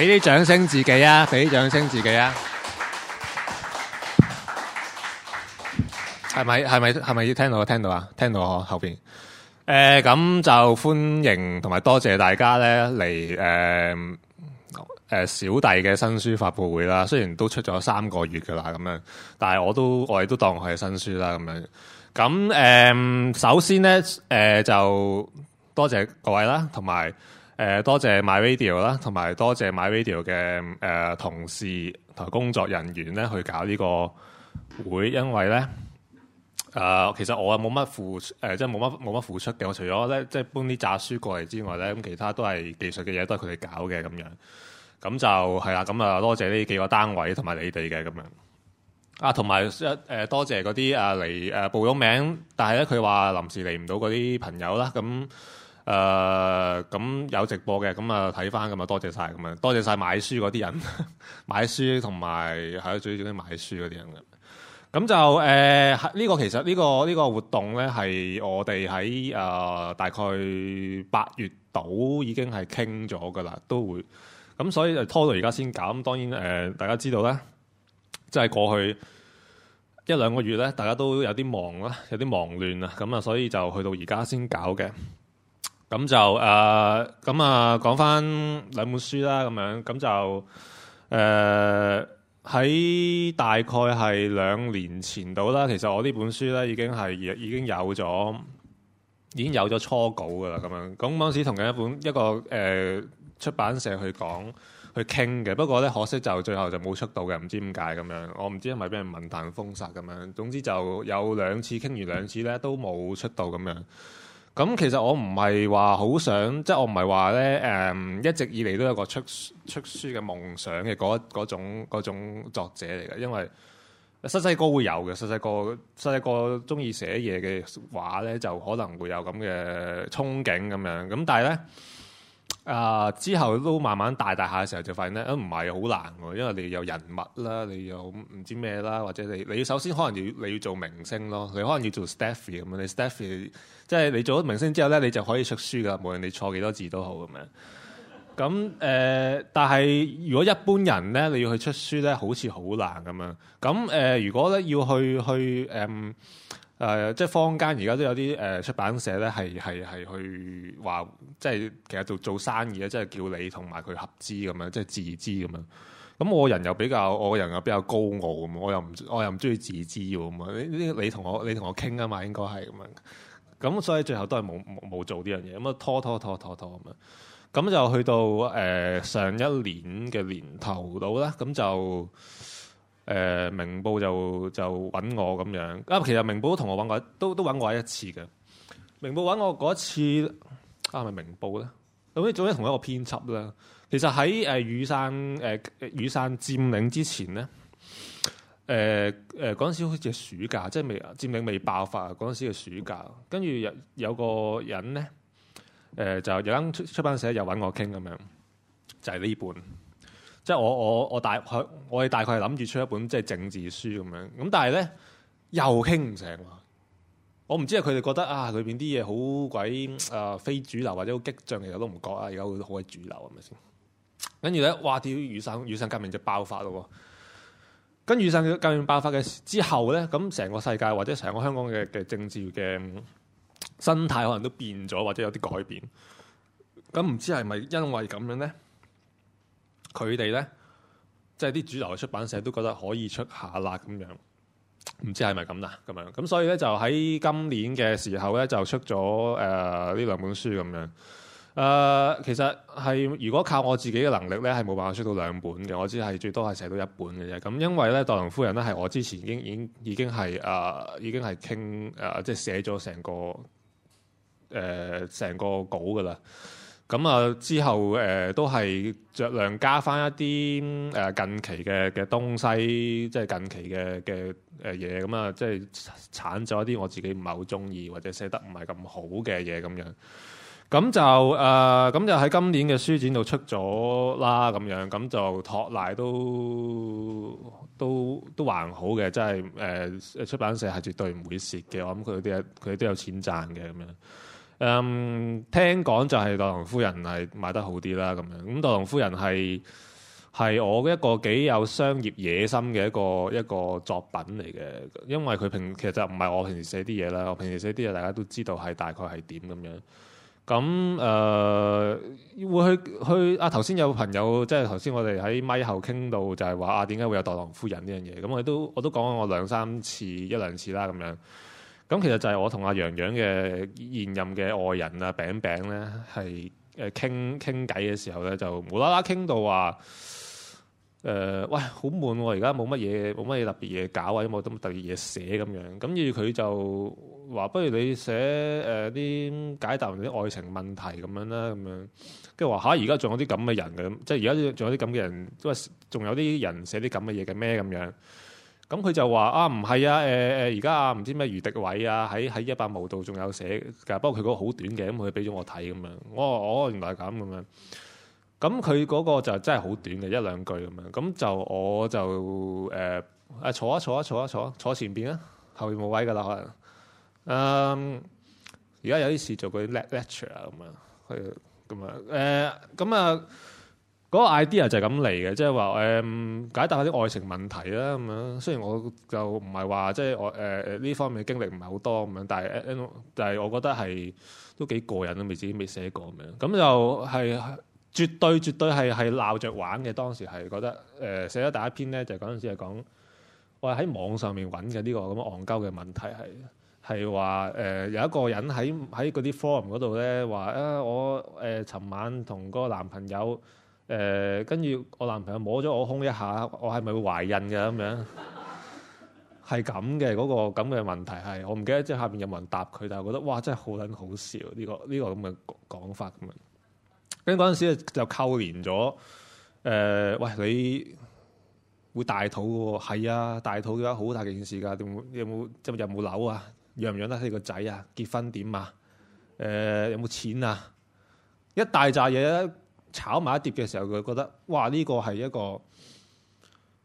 俾啲掌聲自己啊！俾啲掌聲自己啊！係咪？ 係咪？係咪要聽到？聽到啊！聽到啊！後邊，誒、呃，咁就歡迎同埋多謝大家咧嚟誒誒小弟嘅新書發布會啦。雖然都出咗三個月噶啦，咁樣，但係我都我哋都當佢係新書啦，咁樣。咁、呃、誒，首先咧，誒、呃，就多謝各位啦，同埋。誒多謝 MyRadio 啦 My，呃，同埋多謝 MyRadio 嘅誒同事同埋工作人員咧，去搞呢個會，因為咧誒，呃、其實我冇乜付誒，呃，即係冇乜冇乜付出嘅，我除咗咧即係搬啲雜書過嚟之外咧，咁其他都係技術嘅嘢，都係佢哋搞嘅咁樣，咁就係啦，咁啊多謝呢幾個單位同埋你哋嘅咁樣啊，同埋誒多謝嗰啲啊嚟誒，啊、報咗名，名，但係咧佢話臨時嚟唔到嗰啲朋友啦，咁。誒咁、呃、有直播嘅咁啊，睇翻咁啊，多謝晒，咁啊，多謝晒買書嗰啲人買書，同埋喺最最緊要買書嗰啲人嘅咁就誒呢個其實呢、這個呢、呢個活動呢，係我哋喺誒大概八月度已經係傾咗㗎喇，都會咁，所以就拖到而家先搞。當然誒、呃，大家知道呢，即、就、係、係、過去一兩個月呢，大家都有啲忙啦，有啲忙亂啊，咁啊，所以就去到而家先搞嘅。咁就誒，咁、呃、啊講翻兩本書啦，咁樣咁就誒，喺、呃、大概係兩年前到啦。其實我呢本書咧已經係已經有咗，已經有咗初稿噶啦。咁樣咁嗰陣時同緊一本一個誒、呃、出版社去講去傾嘅，不過咧可惜就最後就冇出到嘅，唔知點解咁樣。我唔知係咪俾人文壇封殺咁樣。總之就有兩次傾完兩次咧，都冇出到咁樣。咁其實我唔係話好想，即係我唔係話咧誒，一直以嚟都有個出出書嘅夢想嘅嗰嗰種作者嚟嘅，因為細細個會有嘅，細細個細細個中意寫嘢嘅話咧，就可能會有咁嘅憧憬咁樣，咁但係咧。啊！之後都慢慢大大，大下嘅時候就發現咧，都唔係好難嘅，因為你有人物啦，你有唔知咩啦，或者你你首先可能要你要做明星咯，你可能要做 Stephy 咁樣，你 Stephy 即係你做咗明星之後咧，你就可以出書噶，無論你錯幾多字都好咁樣。咁誒、呃，但係如果一般人咧，你要去出書咧，好似好難咁樣。咁誒、呃，如果咧要去去誒。嗯誒、呃，即係坊間而家都有啲誒、呃、出版社咧，係係係去話，即係其實做做生意咧，即係叫你同埋佢合資咁樣，即係自資咁樣。咁我人又比較，我個人又比較高傲咁，我又唔我又唔中意自資喎咁啊！你同我你同我傾啊嘛，應該係咁樣。咁所以最後都係冇冇做呢樣嘢，咁啊拖拖拖拖拖咁樣。咁就去到誒、呃、上一年嘅年頭到啦，咁就。誒、呃、明報就就揾我咁樣，啊，其實明報都同我揾過，都都揾過一次嘅。明報揾我嗰次啊，係咪明報咧，咁、嗯、樣總之同一個編輯啦。其實喺誒、呃、雨傘誒、呃、雨傘佔領之前咧，誒誒嗰陣時好似係暑假，即係未佔領未爆發嗰陣時嘅暑假。跟住有有個人咧，誒、呃、就有間出出版社又揾我傾咁樣，就係呢本。即我我我大，我哋大概係諗住出一本即係政治書咁樣，咁但係咧又傾唔成啊！我唔知係佢哋覺得啊，裏邊啲嘢好鬼誒非主流或者好激進，其實都唔覺啊，而家好鬼主流係咪先？跟住咧，話屌雨傘雨傘革命就爆發咯。跟雨傘革命爆發嘅之後咧，咁成個世界或者成個香港嘅嘅政治嘅生態，可能都變咗或者有啲改變。咁唔知係咪因為咁樣咧？佢哋呢，即係啲主流嘅出版社都覺得可以出下啦咁樣，唔知係咪咁啦咁樣。咁所以呢，就喺今年嘅時候呢，就出咗誒呢兩本書咁樣。誒、呃、其實係如果靠我自己嘅能力呢，係冇辦法出到兩本嘅，我知係最多係寫到一本嘅啫。咁因為呢，《杜隆夫人》呢，係我之前已經已經係誒已經係傾誒即係寫咗成個誒成、呃、個稿噶啦。咁啊，之後誒、呃、都係酌量加翻一啲誒近期嘅嘅東西，即係近期嘅嘅誒嘢，咁啊，即係鏟咗一啲我自己唔係好中意或者寫得唔係咁好嘅嘢咁樣。咁就誒，咁就喺今年嘅書展度出咗啦，咁樣咁就托賴都都都還好嘅，即係誒出版社係絕對唔會蝕嘅，我諗佢哋佢哋都有錢賺嘅咁樣。Um, 嗯，聽講就係《墮龍夫人》係賣得好啲啦，咁樣。咁《墮龍夫人》係係我嘅一個幾有商業野心嘅一個一個作品嚟嘅，因為佢平其實就唔係我平時寫啲嘢啦，我平時寫啲嘢大家都知道係大概係點咁樣。咁、嗯、誒會去去啊，頭先有朋友，即係頭先我哋喺咪後傾到就係話啊，點解會有《墮龍夫人》呢樣嘢？咁、嗯、我都我都講過我兩三次一兩次啦咁樣。咁其實就係我同阿楊洋嘅現任嘅愛人啊餅餅咧，係誒傾傾偈嘅時候咧，就無啦啦傾到話誒，喂，好悶喎、啊！而家冇乜嘢，冇乜嘢特別嘢搞啊，因為冇乜特別嘢寫咁樣。咁跟住佢就話：不如你寫誒啲、呃、解答啲愛情問題咁樣啦，咁樣跟住話吓，而家仲有啲咁嘅人嘅，即係而家仲有啲咁嘅人，即係仲有啲人，人寫啲咁嘅嘢嘅咩咁樣？咁佢就話啊，唔係啊，誒誒而家啊，唔知咩余迪偉啊喺喺一百毛度仲有寫㗎，不過佢嗰個好短嘅，咁佢俾咗我睇咁、哦哦、樣，我我原來係咁咁樣。咁佢嗰個就真係好短嘅，一兩句咁樣。咁、嗯、就我就誒誒坐一坐啊坐一、啊、坐、啊、坐，坐前邊啊，後面冇位㗎啦可能。呃、lecture，嗯，而家有啲事做佢 lecture 啊咁樣，去咁樣誒咁啊。嗯嗯嗯嗯嗯嗯嗰個 idea 就係咁嚟嘅，即係話誒解答下啲愛情問題啦咁樣。雖然我就唔係話即係我誒誒呢方面嘅經歷唔係好多咁樣，但係、呃、但係我覺得係都幾過癮都未自己未寫過咁樣。咁就係、是、絕對絕對係係鬧着玩嘅。當時係覺得誒、呃、寫咗第一篇咧，就嗰、是、陣時係講我係喺網上面揾嘅呢個咁樣戇鳩嘅問題，係係話誒有一個人喺喺嗰啲 forum 嗰度咧話啊，我誒尋、呃、晚同個男朋友。誒，跟住、呃、我男朋友摸咗我胸一下，我係咪會懷孕嘅咁 樣？係咁嘅嗰個咁嘅問題係，我唔記得即係下邊有冇人答佢，但係我覺得哇，真係好撚好笑呢、這個呢、這個咁嘅講法咁樣。跟住嗰陣時就扣連咗誒、呃，喂你會大肚喎？係啊，大肚嘅話好大件事㗎，有冇有冇即有冇樓啊？養唔養得起個仔啊？結婚點啊？誒、呃、有冇錢啊？一大扎嘢。炒埋一碟嘅時候，佢覺得哇！呢個係一個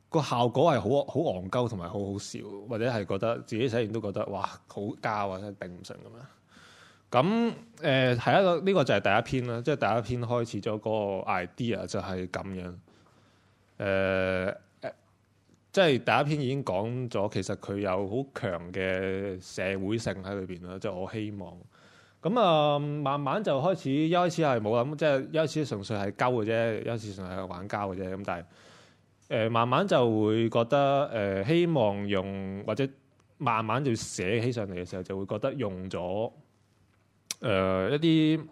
個效果係好好戇鳩，同埋好好笑，或者係覺得自己寫完都覺得哇好膠啊，頂唔順咁樣！咁誒係一個呢個就係第一篇啦，即係第一篇開始咗嗰個 idea 就係咁樣。誒、呃，即係第一篇已經講咗，其實佢有好強嘅社會性喺裏邊啦，即係我希望。咁啊、嗯，慢慢就開始，一開始係冇諗，即係一開始純粹係交嘅啫，一開始純粹係玩交嘅啫。咁但係誒、呃，慢慢就會覺得誒、呃，希望用或者慢慢就寫起上嚟嘅時候，就會覺得用咗誒、呃、一啲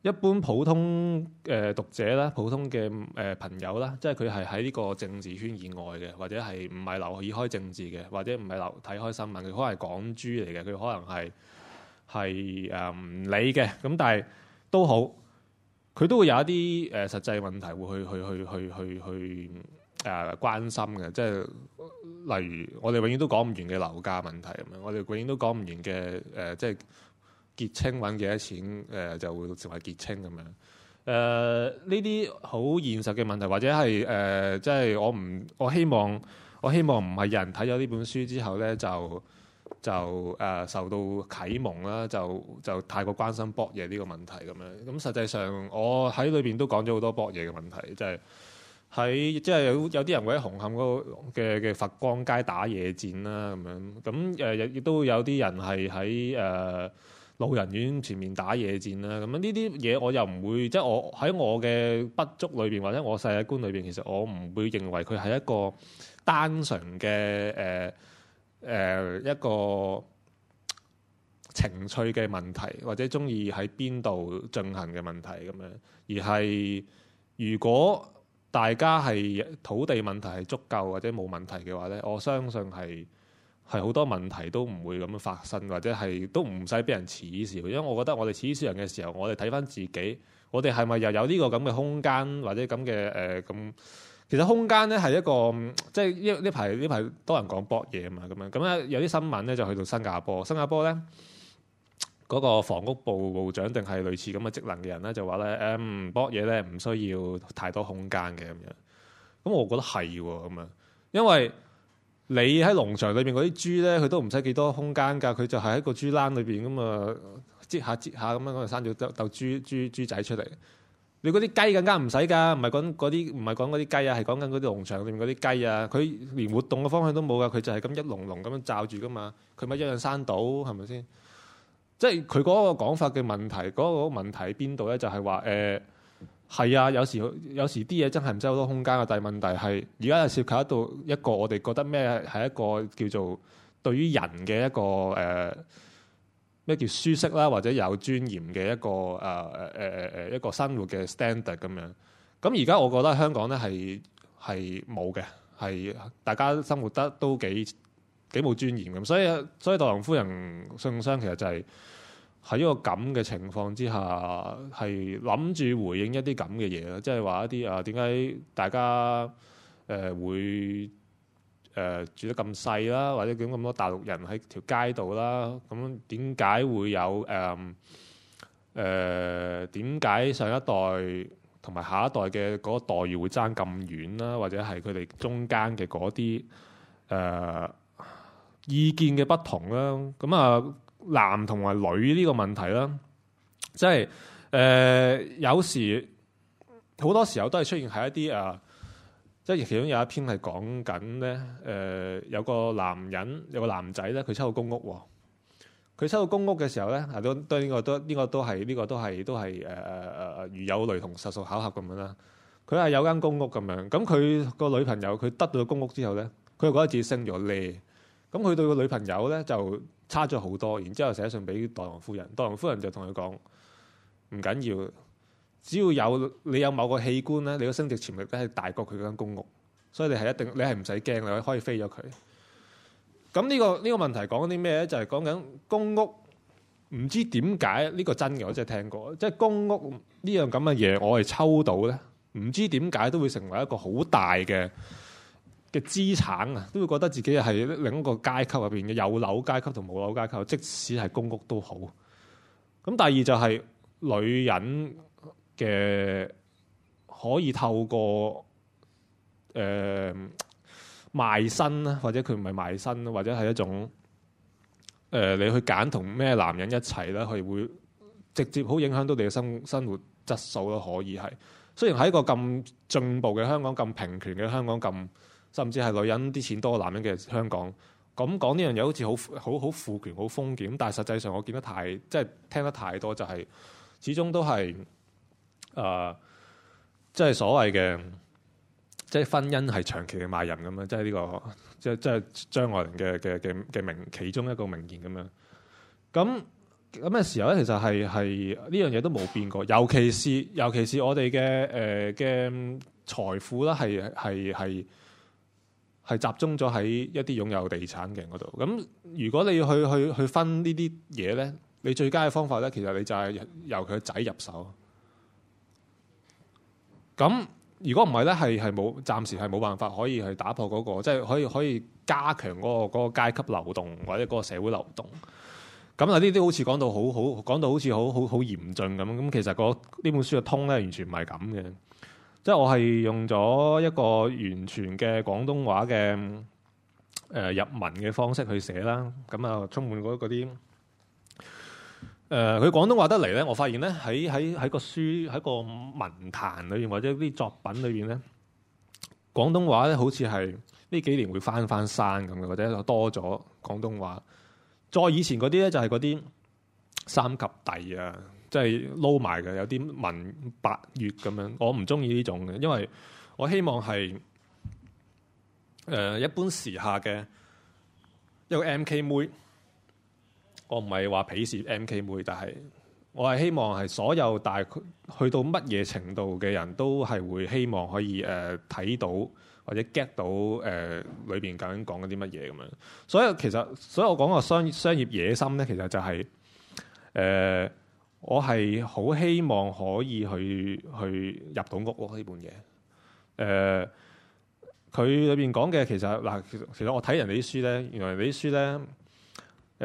一般普通誒讀者啦，普通嘅誒、呃、朋友啦，即係佢係喺呢個政治圈以外嘅，或者係唔係留意開政治嘅，或者唔係留睇開新聞，佢可能係港豬嚟嘅，佢可能係。係誒唔理嘅，咁但係都好，佢都會有一啲誒實際問題會去去去去去去誒、啊、關心嘅，即係例如我哋永遠都講唔完嘅樓價問題，咁樣我哋永遠都講唔完嘅誒、啊，即係結清揾幾多錢誒，就會成為結清咁樣誒，呢啲好現實嘅問題，或者係誒、啊，即係我唔我希望我希望唔係人睇咗呢本書之後呢就。就誒受到啟蒙啦，就就太過關心博野呢個問題咁樣。咁實際上我喺裏邊都講咗好多博野嘅問題，就係喺即係有啲人會喺紅磡嗰個嘅嘅佛光街打野戰啦咁樣。咁誒亦都有啲人係喺誒老人院前面打野戰啦。咁啊呢啲嘢我又唔會即係、就是、我喺我嘅不足裏邊或者我世界觀裏邊，其實我唔會認為佢係一個單純嘅誒。呃誒、呃、一個情趣嘅問題，或者中意喺邊度進行嘅問題咁樣，而係如果大家係土地問題係足夠或者冇問題嘅話呢，我相信係係好多問題都唔會咁發生，或者係都唔使俾人恥笑。因為我覺得我哋恥笑的人嘅時候，我哋睇返自己，我哋係咪又有呢個咁嘅空間，或者咁嘅誒咁？呃其實空間咧係一個即係呢，呢排呢排多人講博嘢啊嘛，咁樣咁咧有啲新聞咧就去到新加坡，新加坡咧嗰個房屋部部長定係類似咁嘅職能嘅人咧就話咧誒，博嘢咧，唔需要太多空間嘅咁樣，咁我覺得係喎咁樣，因為你喺農場裏邊嗰啲豬咧，佢都唔使幾多空間噶，佢就係喺個豬欄裏邊咁啊，擠下擠下咁樣嗰度，生咗斗斗豬豬豬仔出嚟。你嗰啲雞更加唔使噶，唔係講嗰啲，唔係講嗰啲雞啊，係講緊嗰啲農場入面嗰啲雞啊，佢連活動嘅方向都冇噶，佢就係咁一籠籠咁樣罩住噶嘛，佢咪一樣生到係咪先？即係佢嗰個講法嘅問題，嗰個問題邊度咧？就係話誒係啊，有時有時啲嘢真係唔使好多空間啊，但係問題係而家又涉及到一個我哋覺得咩係一個叫做對於人嘅一個誒。呃咩叫舒適啦，或者有尊嚴嘅一個誒誒誒誒一個生活嘅 standard 咁樣？咁而家我覺得香港咧係係冇嘅，係大家生活得都幾幾冇尊嚴咁，所以所以杜蘭夫人信箱其實就係喺一個咁嘅情況之下，係諗住回應一啲咁嘅嘢咯，即係話一啲啊點解大家誒、呃、會？誒、呃、住得咁細啦，或者點咁多大陸人喺條街度啦，咁點解會有誒誒？點、呃、解上一代同埋下一代嘅嗰個待遇會差咁遠啦？或者係佢哋中間嘅嗰啲誒意見嘅不同啦？咁、嗯、啊，男同埋女呢個問題啦，即係誒有時好多時候都係出現喺一啲啊～、呃即係其中有一篇係講緊咧，誒、呃、有個男人有個男仔咧，佢抽到公屋喎。佢抽到公屋嘅時候咧，係都都呢個都呢、呢個都係呢個都係都係誒誒誒如有雷同，實屬巧合咁樣啦。佢係有間公屋咁樣，咁佢個女朋友佢得到公屋之後咧，佢覺得自己升咗 level，咁佢對個女朋友咧就差咗好多。然之後寫信俾代王夫人，代王夫人就同佢講唔緊要。只要有你有某個器官咧，你嘅升值潛力梗係大過佢嗰間公屋，所以你係一定你係唔使驚你可以飛咗佢。咁呢個呢個問題講緊啲咩咧？就係講緊公屋唔知點解呢個真嘅，我真係聽過。即係公屋呢樣咁嘅嘢，我係抽到咧，唔知點解都會成為一個好大嘅嘅資產啊！都會覺得自己係另一個階級入邊嘅有樓階級同冇樓階級，即使係公屋都好。咁第二就係女人。嘅可以透過誒賣身啦，或者佢唔係賣身，或者係一種誒、呃、你去揀同咩男人一齊啦，佢會直接好影響到你嘅生生活質素咯。可以係雖然喺一個咁進步嘅香港、咁平權嘅香港、咁甚至係女人啲錢多過男人嘅香港，咁講呢樣嘢好似好好好父權、好封建，但係實際上我見得太即係聽得太多，就係、是、始終都係。啊、呃，即係所謂嘅，即係婚姻係長期嘅賣淫咁樣，即係呢、這個即係即係張愛玲嘅嘅嘅嘅名其中一個名言咁樣。咁咁嘅時候咧，其實係係呢樣嘢都冇變過，尤其是尤其是我哋嘅誒嘅財富啦，係係係係集中咗喺一啲擁有地產嘅嗰度。咁如果你要去去去分呢啲嘢咧，你最佳嘅方法咧，其實你就係由佢個仔入手。咁如果唔係咧，係係冇暫時係冇辦法可以去打破嗰個，即係可以可以加強嗰個嗰個階級流動，或者嗰個社會流動。咁啊，呢啲好似講到好好講到好似好好好嚴峻咁。咁其實呢本書嘅通咧，完全唔係咁嘅。即係我係用咗一個完全嘅廣東話嘅誒入文嘅方式去寫啦。咁啊，充滿嗰啲。誒佢，呃、廣東話得嚟咧，我發現咧喺喺喺個書喺個文壇裏邊或者啲作品裏邊咧，廣東話咧好似係呢幾年會翻翻山咁嘅，或者就多咗廣東話。再以前嗰啲咧就係嗰啲三及第啊，即係撈埋嘅，有啲文白粵咁樣。我唔中意呢種嘅，因為我希望係誒、呃、一般時下嘅一個 MK 妹。我唔係話鄙視 M K 妹，但係我係希望係所有大概去到乜嘢程度嘅人都係會希望可以誒睇、呃、到或者 get 到誒裏邊、呃、究竟講緊啲乜嘢咁樣。所以其實所以我講個商商業野心呢，其實就係、是、誒、呃、我係好希望可以去去入到屋屋呢本嘢。誒佢裏邊講嘅其實嗱、呃，其實我睇人哋啲書呢，原來你啲書呢。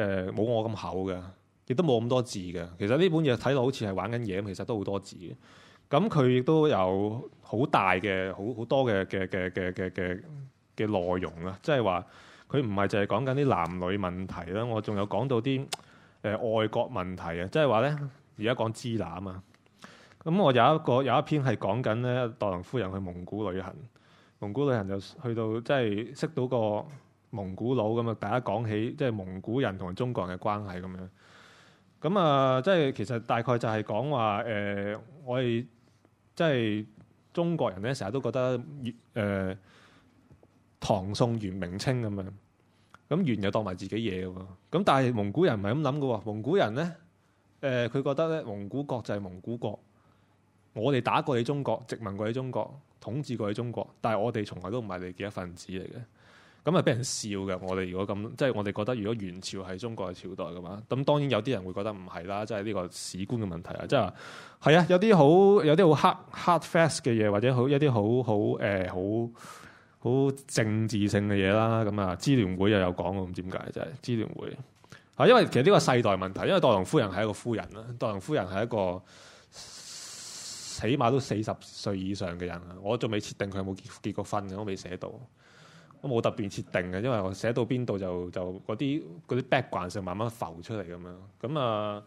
誒冇、呃、我咁厚嘅，亦都冇咁多字嘅。其實呢本嘢睇落好似係玩緊嘢咁，其實都，多、嗯、都好，好多字嘅。咁佢亦都有好大嘅好好多嘅嘅嘅嘅嘅嘅嘅內容啊！即係話佢唔係淨係講緊啲男女問題啦，我仲有講到啲誒外國問題、就是、啊！即係話咧，而家講支那啊嘛。咁我有一個有一篇係講緊咧，杜玲夫人去蒙古旅行，蒙古旅行就去到即係識到個。蒙古佬咁啊！大家講起即係蒙古人同中國人嘅關係咁樣，咁啊、呃、即係其實大概就係講話誒，我哋即係中國人咧，成日都覺得越、呃、唐宋元明清咁樣，咁元又當埋自己嘢喎。咁但係蒙古人唔係咁諗嘅喎，蒙古人咧誒，佢、呃、覺得咧蒙古國就係蒙古國，我哋打過你中國，殖民過你中國，統治過你中國，但係我哋從來都唔係你嘅一份子嚟嘅。咁啊，俾人笑嘅。我哋如果咁，即係我哋覺得，如果元朝係中國嘅朝代嘅話，咁當然有啲人會覺得唔係啦，即係呢個史觀嘅問題啊，即、就、係、是，係啊，有啲好有啲好 hard hard fast 嘅嘢，或者好一啲好好誒好好政治性嘅嘢啦。咁啊，支聯會又有講過，咁點解？就係支聯會啊，因為其實呢個世代問題，因為代隆夫人係一個夫人啦，代隆夫人係一個起碼都四十歲以上嘅人啊，我仲未設定佢有冇結結過婚嘅，我未寫到。我冇特別設定嘅，因為我寫到邊度就就嗰啲啲 background 就慢慢浮出嚟咁樣。咁啊，誒、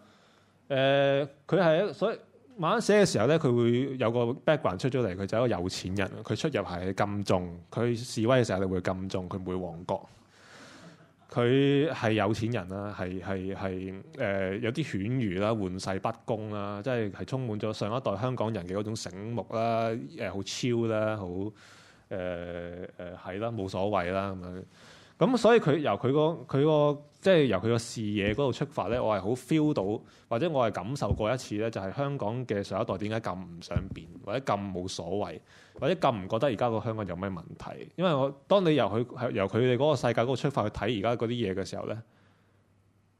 呃，佢、呃、係所以慢慢寫嘅時候咧，佢會有個 background 出咗嚟。佢就係一個有錢人，佢出入係咁重，佢示威嘅時候你會咁重，佢唔會旺角。佢係有錢人啦，係係係誒，有啲犬儒啦，玩世不恭啦，即係係充滿咗上一代香港人嘅嗰種醒目啦，誒、呃，好超啦，好。誒誒係啦，冇、嗯嗯、所謂啦咁樣。咁、嗯、所以佢由佢個佢個即係由佢個視野嗰度出發咧，我係好 feel 到，或者我係感受過一次咧，就係、是、香港嘅上一代點解咁唔想變，或者咁冇所謂，或者咁唔覺得而家個香港有咩問題？因為我當你由佢由佢哋嗰個世界嗰度出發去睇而家嗰啲嘢嘅時候咧，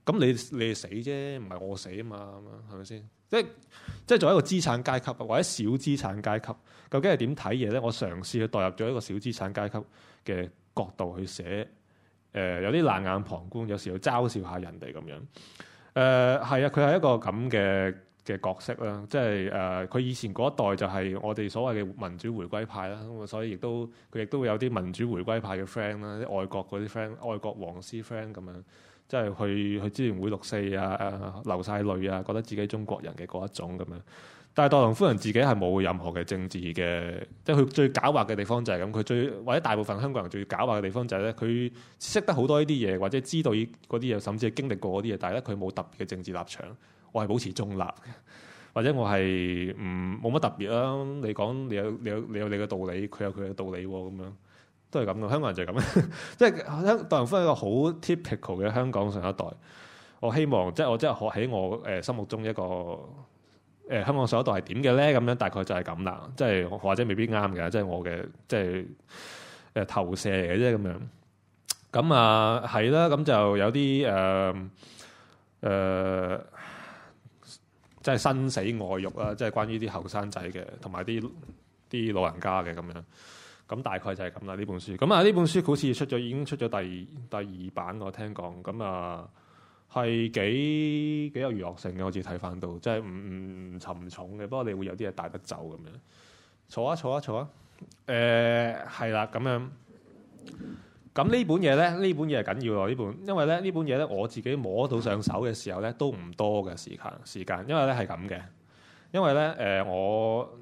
咁你你哋死啫，唔係我死啊嘛，係咪先？即係作為一個資產階級或者小資產階級，究竟係點睇嘢呢？我嘗試去代入咗一個小資產階級嘅角度去寫，誒、呃、有啲冷眼旁觀，有時又嘲笑下人哋咁樣。誒、呃、係啊，佢係一個咁嘅嘅角色啦，即係誒佢以前嗰一代就係我哋所謂嘅民主回歸派啦，咁、啊、所以亦都佢亦都會有啲民主回歸派嘅 friend 啦、啊，啲外國嗰啲 friend、啊、外國黃絲 friend 咁、啊、樣。即係去去支援會六四啊，啊，流晒淚啊，覺得自己中國人嘅嗰一種咁樣。但係代隆夫人自己係冇任何嘅政治嘅，即係佢最狡猾嘅地方就係咁，佢最或者大部分香港人最狡猾嘅地方就係呢：佢識得好多呢啲嘢，或者知道嗰啲嘢，甚至係經歷過嗰啲嘢，但係咧佢冇特別嘅政治立場，我係保持中立嘅，或者我係唔冇乜特別啦、啊。你講你、你、你有你有你有你嘅道理，佢有佢嘅道理啊，咁樣。都係咁嘅，香港人就係咁嘅，即係香。杜文輝係一個好 typical 嘅香港上一代。我希望即係我即係學起我誒、呃、心目中一個誒、呃、香港上一代係點嘅咧，咁樣大概就係咁啦。即係或者未必啱嘅，即係我嘅即係誒、呃、投射嚟嘅啫咁樣。咁啊，係啦，咁就有啲誒誒，即、呃、係、呃、生死外欲啦，即係關於啲後生仔嘅，同埋啲啲老人家嘅咁樣。咁大概就係咁啦呢本書，咁啊呢本書好似出咗已經出咗第二第二版我聽講，咁啊係幾幾有娛樂性嘅，我自己睇翻到，即係唔唔沉重嘅，不過你會有啲嘢帶得走咁樣。坐啊坐啊坐啊，誒係啦咁樣。咁、呃嗯嗯嗯嗯、呢本嘢咧，呢本嘢係緊要咯呢本，因為咧呢本嘢咧我自己摸到上手嘅時候咧都唔多嘅時間時間，因為咧係咁嘅，因為咧誒、呃、我。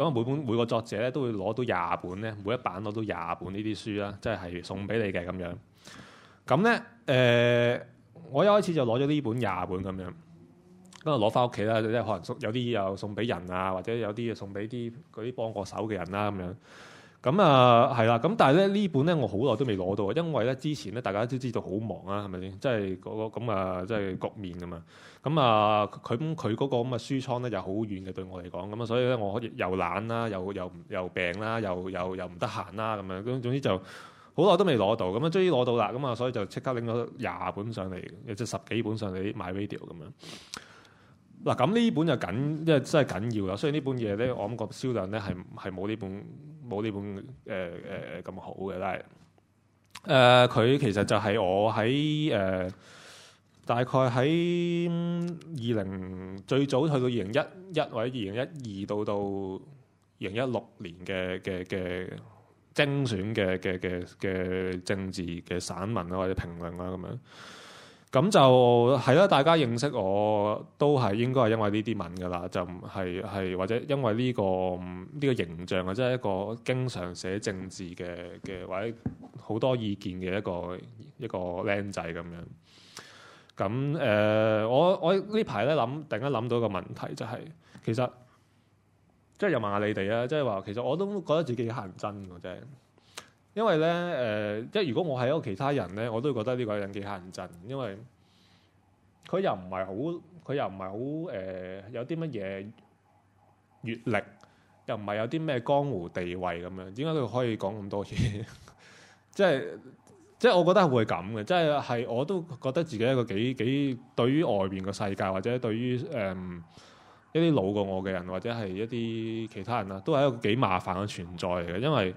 咁每本每個作者咧都會攞到廿本咧，每一版攞到廿本呢啲書啦，即係係送俾你嘅咁樣。咁咧，誒、呃，我一開始就攞咗呢本廿本咁樣，咁啊攞翻屋企啦，即係可能送有啲又送俾人啊，或者有啲又送俾啲嗰啲幫過手嘅人啦、啊、咁樣。咁啊，係啦、嗯。咁但係咧，本呢本咧，我好耐都未攞到，啊，因為咧之前咧，大家都知道好忙啊，係咪先？即係嗰、那個咁啊，即係局面咁、嗯、啊。咁啊，佢佢嗰個咁嘅書倉咧又好遠嘅，對我嚟講咁啊。所以咧，我可以又懶啦，又又又，又病啦，又又又唔得閒啦，咁樣咁。總之就好耐都未攞到，咁、嗯、啊，終於攞到啦。咁、嗯、啊，所以就即刻拎咗廿本上嚟，即係十幾本上嚟買 video 咁樣嗱。咁、嗯、呢、嗯、本就緊，即係真係緊要啦。所以呢本嘢咧，我諗個銷量咧係係冇呢本。冇呢本誒誒咁好嘅，但係誒佢其實就係我喺誒、呃、大概喺二零最早去到二零一一或者二零一二到到二零一六年嘅嘅嘅精選嘅嘅嘅嘅政治嘅散文啊或者評論啊咁樣。咁就係啦、啊，大家認識我都係應該係因為呢啲文噶啦，就唔係係或者因為呢、這個呢、這個形象啊，即係一個經常寫政治嘅嘅或者好多意見嘅一個一個僆仔咁樣。咁誒、呃，我我呢排咧諗，突然間諗到一個問題，就係、是、其實即係又問下你哋啊，即係話其實我都覺得自己係唔真嘅啫。因為咧，誒、呃，即係如果我係一個其他人咧，我都會覺得呢個人幾吓人憎。因為佢又唔係好，佢又唔係好，誒、呃，有啲乜嘢閱歷，又唔係有啲咩江湖地位咁樣，點解佢可以講咁多嘢？即 係、就是，即、就、係、是、我覺得係會咁嘅，即係係我都覺得自己一個幾幾，對於外邊嘅世界或者對於誒、呃、一啲老過我嘅人或者係一啲其他人啊，都係一個幾麻煩嘅存在嚟嘅，因為，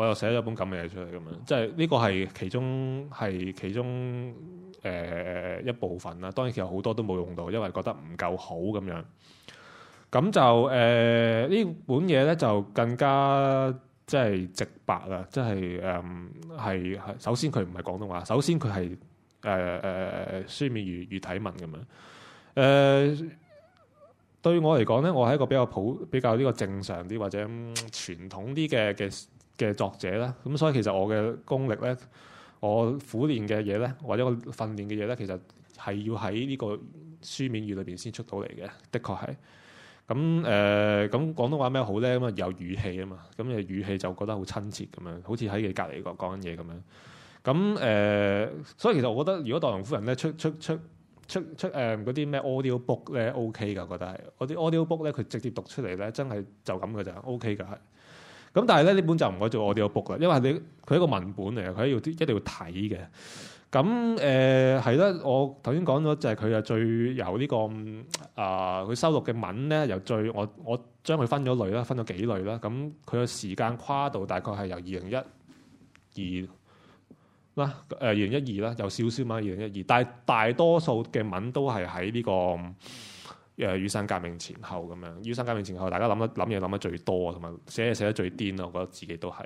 我又寫咗一本咁嘅嘢出嚟咁樣，即係呢個係其中係其中誒、呃、一部分啦。當然其實好多都冇用到，因為覺得唔夠好咁樣。咁就誒呢本嘢咧就更加即係直白啦，即係誒係首先佢唔係廣東話，首先佢係誒誒書面語語體文咁樣誒、呃。對我嚟講咧，我係一個比較普比較呢個正常啲或者傳統啲嘅嘅。嘅作者啦，咁所以其實我嘅功力咧，我苦練嘅嘢咧，或者我訓練嘅嘢咧，其實係要喺呢個書面語裏邊先出到嚟嘅，的確係。咁誒，咁、呃、廣東話咩好咧？咁啊有語氣啊嘛，咁嘅語氣就覺得好親切咁樣，好似喺你隔離講講緊嘢咁樣。咁、呃、誒，所以其實我覺得，如果代隆夫人咧出出出出出誒嗰、呃、啲咩 audio book 咧，OK 噶，我覺得係嗰啲 audio book 咧，佢直接讀出嚟咧，真係就咁嘅就 OK 噶。咁但係咧，呢本就唔該做我哋個 book 啦，因為你佢一個文本嚟嘅，佢要一定要睇嘅。咁誒係啦，我頭先講咗就係佢係最由呢個啊，佢、呃、收錄嘅文咧，由最我我將佢分咗類啦，分咗幾類啦。咁佢嘅時間跨度大概係由二零一二啦，誒二零一二啦，有少少文二零一二，但係大多數嘅文都係喺呢個。誒，雨傘革命前後咁樣，雨傘革命前後，前後大家諗得諗嘢諗得最多，同埋寫嘢寫得最癲咯。我覺得自己都係。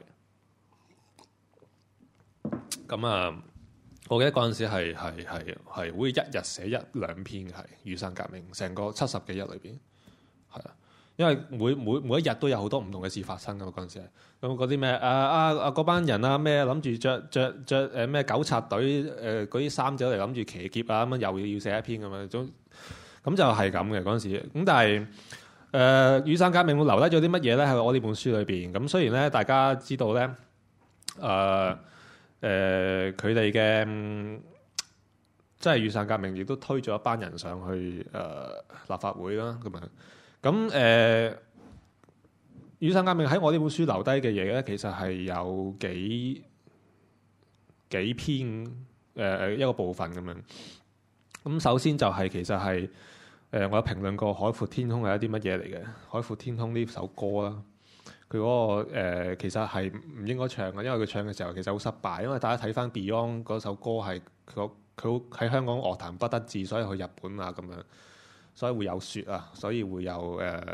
咁啊，我記得嗰陣時係係係係會一日寫一兩篇，係雨傘革命成個七十幾日裏邊，係啊，因為每每每一日都有好多唔同嘅事發生噶嘛。嗰陣時係咁，嗰啲咩啊啊啊嗰班人啊咩諗住着着着誒咩狗賊隊誒嗰啲衫仔嚟諗住騎劫啊，咁啊又，又要寫一篇咁啊總。總咁就係咁嘅嗰陣時，咁但係，誒、呃、雨傘革命會留低咗啲乜嘢咧？喺我呢本書裏邊，咁雖然咧大家知道咧，誒誒佢哋嘅即係雨傘革命，亦都推咗一班人上去誒、呃、立法會啦咁樣。咁誒、呃、雨傘革命喺我呢本書留低嘅嘢咧，其實係有幾幾篇誒、呃、一個部分咁樣。咁首先就係、是、其實係。誒、呃，我有評論過海闊《海闊天空》係一啲乜嘢嚟嘅，《海闊天空》呢首歌啦，佢嗰、嗰個、呃、其實係唔應該唱嘅，因為佢唱嘅時候其實好失敗。因為大家睇返 Beyond 嗰首歌係佢佢喺香港樂壇不得志，所以去日本啊咁樣，所以會有雪啊，所以會有誒、呃，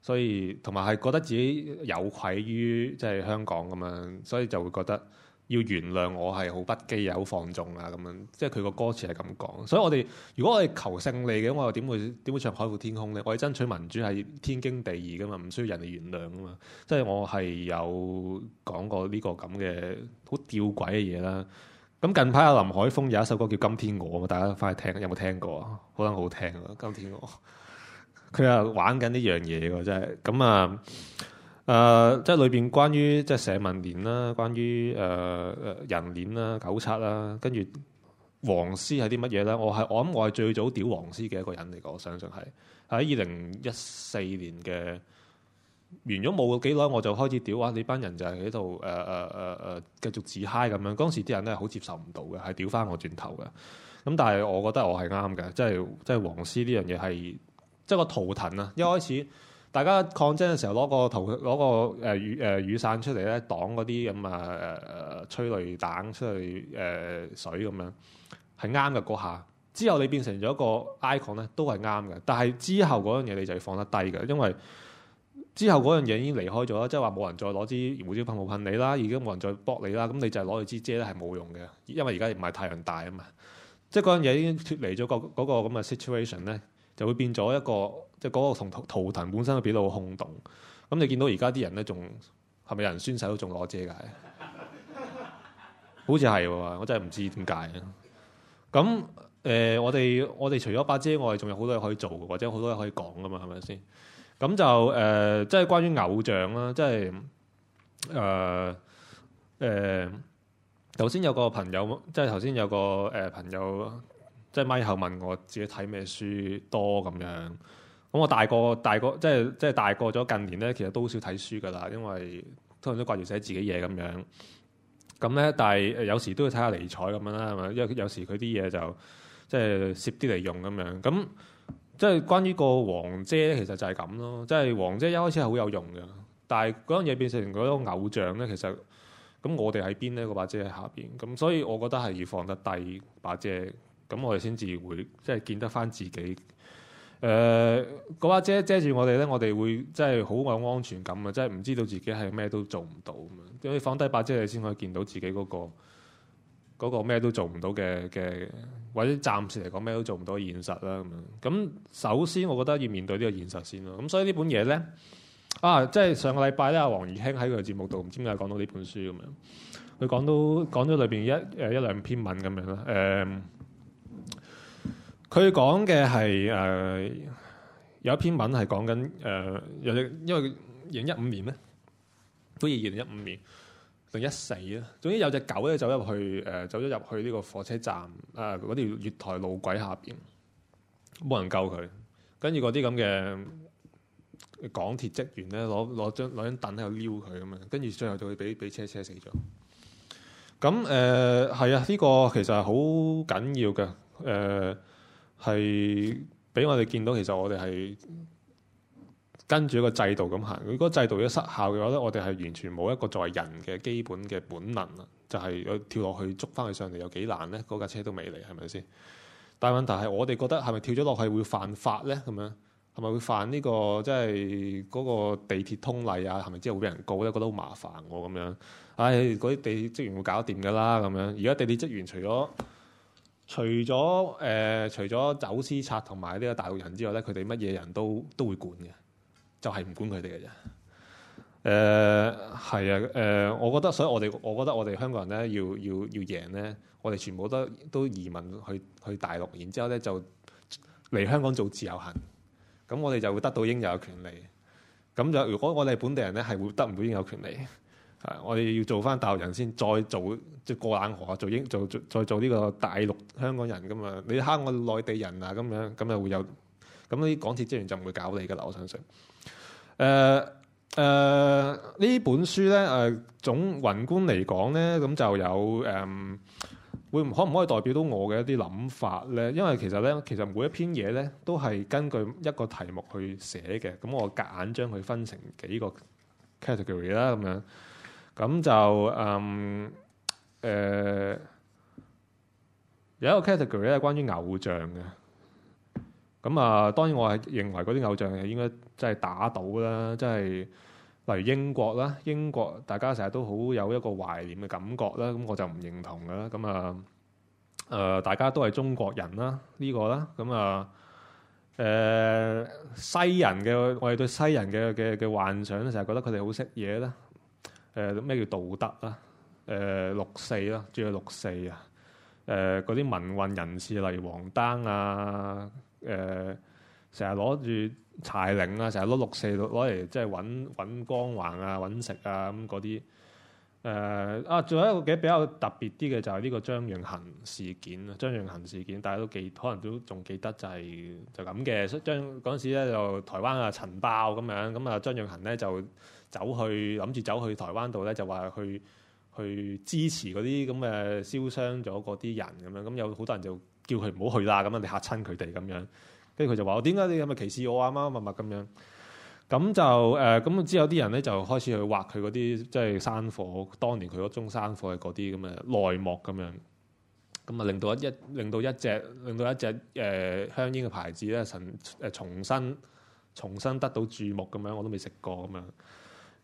所以同埋係覺得自己有愧於即係香港咁樣，所以就會覺得。要原諒我係好不羈啊，好放縱啊，咁樣，即係佢個歌詞係咁講。所以我哋如果我哋求勝利嘅，我又點會點會唱海闊天空呢？我哋爭取民主係天經地義噶嘛，唔需要人哋原諒啊嘛。即係我係有講過呢個咁嘅好吊詭嘅嘢啦。咁近排阿林海峰有一首歌叫《今天我》啊，大家翻去聽，有冇聽過啊？可能好聽啊，《今天我》佢又玩緊呢樣嘢喎，真係咁啊！誒、呃、即係裏邊關於即係社文鏈啦，關於誒誒、呃、人鏈啦、九七啦，跟住黃絲係啲乜嘢咧？我係我諗我係最早屌黃絲嘅一個人嚟嘅，我相信係喺二零一四年嘅完咗冇幾耐，我就開始屌啊！呢班人就係喺度誒誒誒誒繼續自嗨 i 咁樣。當時啲人咧好接受唔到嘅，係屌翻我轉頭嘅。咁、嗯、但係我覺得我係啱嘅，即係即係黃絲呢樣嘢係即係個圖騰啊！一開始。大家抗爭嘅時候攞個頭攞個誒雨誒、呃、雨傘出嚟咧，擋嗰啲咁啊催淚彈出去誒水咁、呃、樣，係啱嘅嗰下。之後你變成咗一個 icon 咧，都係啱嘅。但係之後嗰樣嘢你就要放得低嘅，因為之後嗰樣嘢已經離開咗，即係話冇人再攞支胡椒噴霧噴你啦，已經冇人再駁你啦。咁你就攞去支遮咧係冇用嘅，因為而家唔係太陽大啊嘛。即係嗰樣嘢已經脫離咗個嗰、嗰個咁嘅 situation 咧，就會變咗一個。嗰個同圖騰本身嘅表露空洞。咁你見到而家啲人咧，仲係咪有人宣誓都仲攞遮嘅？ 好似係喎，我真係唔知點解。咁誒、呃，我哋我哋除咗把遮外，仲有好多嘢可以做，或者好多嘢可以講噶嘛？係咪先咁就誒、呃，即係關於偶像啦，即係誒誒頭先有個朋友，即係頭先有個誒、呃、朋友，即係咪後問我自己睇咩書多咁樣。咁我大個大個即係即係大個咗，近年咧，其實都好少睇書噶啦，因為通常都掛住寫自己嘢咁樣。咁咧，但係有時都會睇下尼采咁樣啦，係咪？因為有時佢啲嘢就即係攝啲嚟用咁樣。咁即係關於個黃遮，其實就係咁咯。即係黃遮一開始係好有用嘅，但係嗰樣嘢變成嗰個偶像咧，其實咁我哋喺邊咧？個把遮喺下邊，咁所以我覺得係要放得低把遮，咁我哋先至會即係見得翻自己。誒嗰把遮遮住我哋咧，我哋會真係好有安全感嘅，即係唔知道自己係咩都做唔到咁，可以放低把遮，你先可以見到自己嗰、嗰個嗰、嗰個咩都做唔到嘅嘅，或者暫時嚟講咩都做唔到嘅現實啦咁樣。咁首先我覺得要面對呢個現實先咯。咁、嗯、所以本呢本嘢咧啊，即係上個禮拜咧，阿黃怡卿喺佢嘅節目度唔知點解講到呢本書咁樣，佢講到講到裏邊一誒一兩篇文咁樣啦，誒、嗯。佢講嘅係誒，有一篇文係講緊誒，有隻因為二零一五年咧，都以二零一五年零一四啊。總之有隻狗咧，走入去誒、呃，走咗入去呢個火車站誒，嗰、啊、條月台路軌下邊，冇人救佢。跟住嗰啲咁嘅港鐵職員咧，攞攞張攞張凳喺度撩佢咁樣，跟住最後就會俾俾車車死咗。咁誒係啊，呢、呢個其實係好緊要嘅誒。呃係俾我哋見到，其實我哋係跟住一個制度咁行。如果制度一失效嘅話咧，我哋係完全冇一個作為人嘅基本嘅本能啊！就係、是、去跳落去捉翻去上嚟，有幾難咧？嗰架車都未嚟，係咪先？但問題係我哋覺得係咪跳咗落去會犯法咧？咁樣係咪會犯呢、呢個即係嗰個地鐵通例啊？係咪之後會俾人告咧？覺得好麻煩喎咁樣。唉，嗰啲地鐵職員會搞掂㗎啦咁樣。而家地，地鐵職員除咗除咗誒、呃，除咗走私、賊同埋呢個大陸人之外咧，佢哋乜嘢人都都會管嘅，就係、是、唔管佢哋嘅啫。誒係啊，誒、呃、我覺得，所以我哋，我覺得我哋香港人咧，要要要贏咧，我哋全部都都移民去去大陸，然之後咧就嚟香港做自由行，咁我哋就會得到應有嘅權利。咁就如果我哋本地人咧，係會得唔到應有權利。啊！我哋要做返大陸人先，再做即係過冷河，做英做再做呢個大陸香港人咁啊！你蝦我內地人啊咁樣，咁啊會有咁啲港鐵職員就唔會搞你噶啦！我相信。誒、呃、誒，呢、呃、本書咧誒總宏觀嚟講咧，咁、嗯、就有誒唔可唔可以代表到我嘅一啲諗法咧？因為其實咧，其實每一篇嘢咧都係根據一個題目去寫嘅。咁我夾硬將佢分成幾個 category 啦，咁樣。咁就誒、嗯呃，有一個 category 咧關於偶像嘅。咁、嗯、啊、呃，當然我係認為嗰啲偶像係應該真係打倒啦，即係，例如英國啦，英國大家成日都好有一個懷念嘅感覺啦。咁、嗯、我就唔認同啦。咁、嗯、啊，誒、呃，大家都係中國人啦，呢、這個啦，咁、嗯、啊，誒、呃，西人嘅我哋對西人嘅嘅嘅幻想咧，成日覺得佢哋好識嘢啦。誒咩、呃、叫道德啦、啊？誒六四啦，主要六四啊！誒嗰啲民運人士例如王丹啊，誒成日攞住柴玲啊，成日攞六四攞嚟即係揾揾光環啊、揾食啊咁嗰啲。誒、嗯呃、啊，仲有一個幾比較特別啲嘅就係呢個張潤衡事件啦。張潤衡事件大家都記，可能都仲記得就係、是、就咁、是、嘅。將嗰陣時咧就台灣啊陳包咁樣，咁啊張潤衡咧就。走去諗住走去台灣度咧，就話去去支持嗰啲咁嘅燒傷咗嗰啲人咁樣。咁有好多人就叫佢唔好去啦。咁啊，你嚇親佢哋咁樣。跟住佢就話：我點解你係咪歧視我啊？乜乜乜咁樣咁就誒咁，知有啲人咧就開始去挖佢嗰啲即係山火，當年佢嗰宗山火嘅嗰啲咁嘅內幕咁樣。咁啊，令到一令到一隻令到一隻誒、呃、香煙嘅牌子咧，重誒重新重新得到注目咁樣。我都未食過咁樣。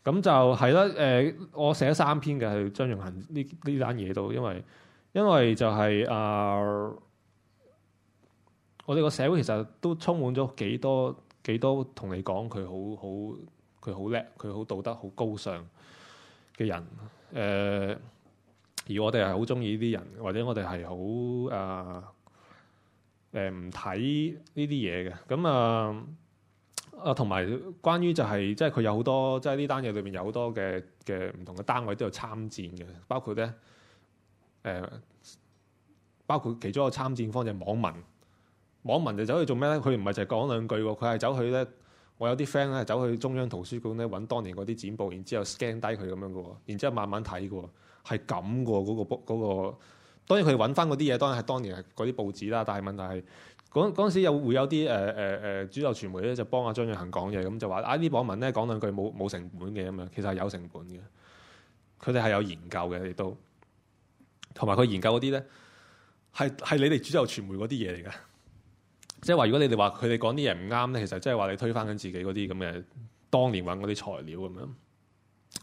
咁就係啦，誒、呃，我寫三篇嘅係張潤衡呢呢單嘢度，因為因為就係、是、啊、呃，我哋個社會其實都充滿咗幾多幾多同你講佢好好佢好叻佢好道德好高尚嘅人，誒、呃，而我哋係好中意呢啲人，或者我哋係好啊誒唔睇呢啲嘢嘅，咁、呃、啊。呃啊，同埋關於就係、是、即係佢有好多，即係呢單嘢裏邊有好多嘅嘅唔同嘅單位都有參戰嘅，包括咧誒、呃，包括其中一個參戰方就係網民，網民就走去做咩咧？佢唔係就係講兩句喎，佢係走去咧，我有啲 friend 咧走去中央圖書館咧揾當年嗰啲展報，然之後 scan 低佢咁樣嘅喎，然之後慢慢睇嘅喎，係咁嘅喎，嗰、嗰個當然佢揾翻嗰啲嘢，當然係當年係嗰啲報紙啦，但係問題係。嗰嗰陣時又會有啲誒誒誒主流傳媒咧，就幫阿張潤衡講嘢，咁就話啊啲網民咧，講兩句冇冇成本嘅咁樣，其實係有成本嘅。佢哋係有研究嘅，亦都同埋佢研究嗰啲咧係係你哋主流傳媒嗰啲嘢嚟嘅，即係話如果你哋話佢哋講啲嘢唔啱咧，其實即係話你推翻緊自己嗰啲咁嘅當年揾嗰啲材料咁樣。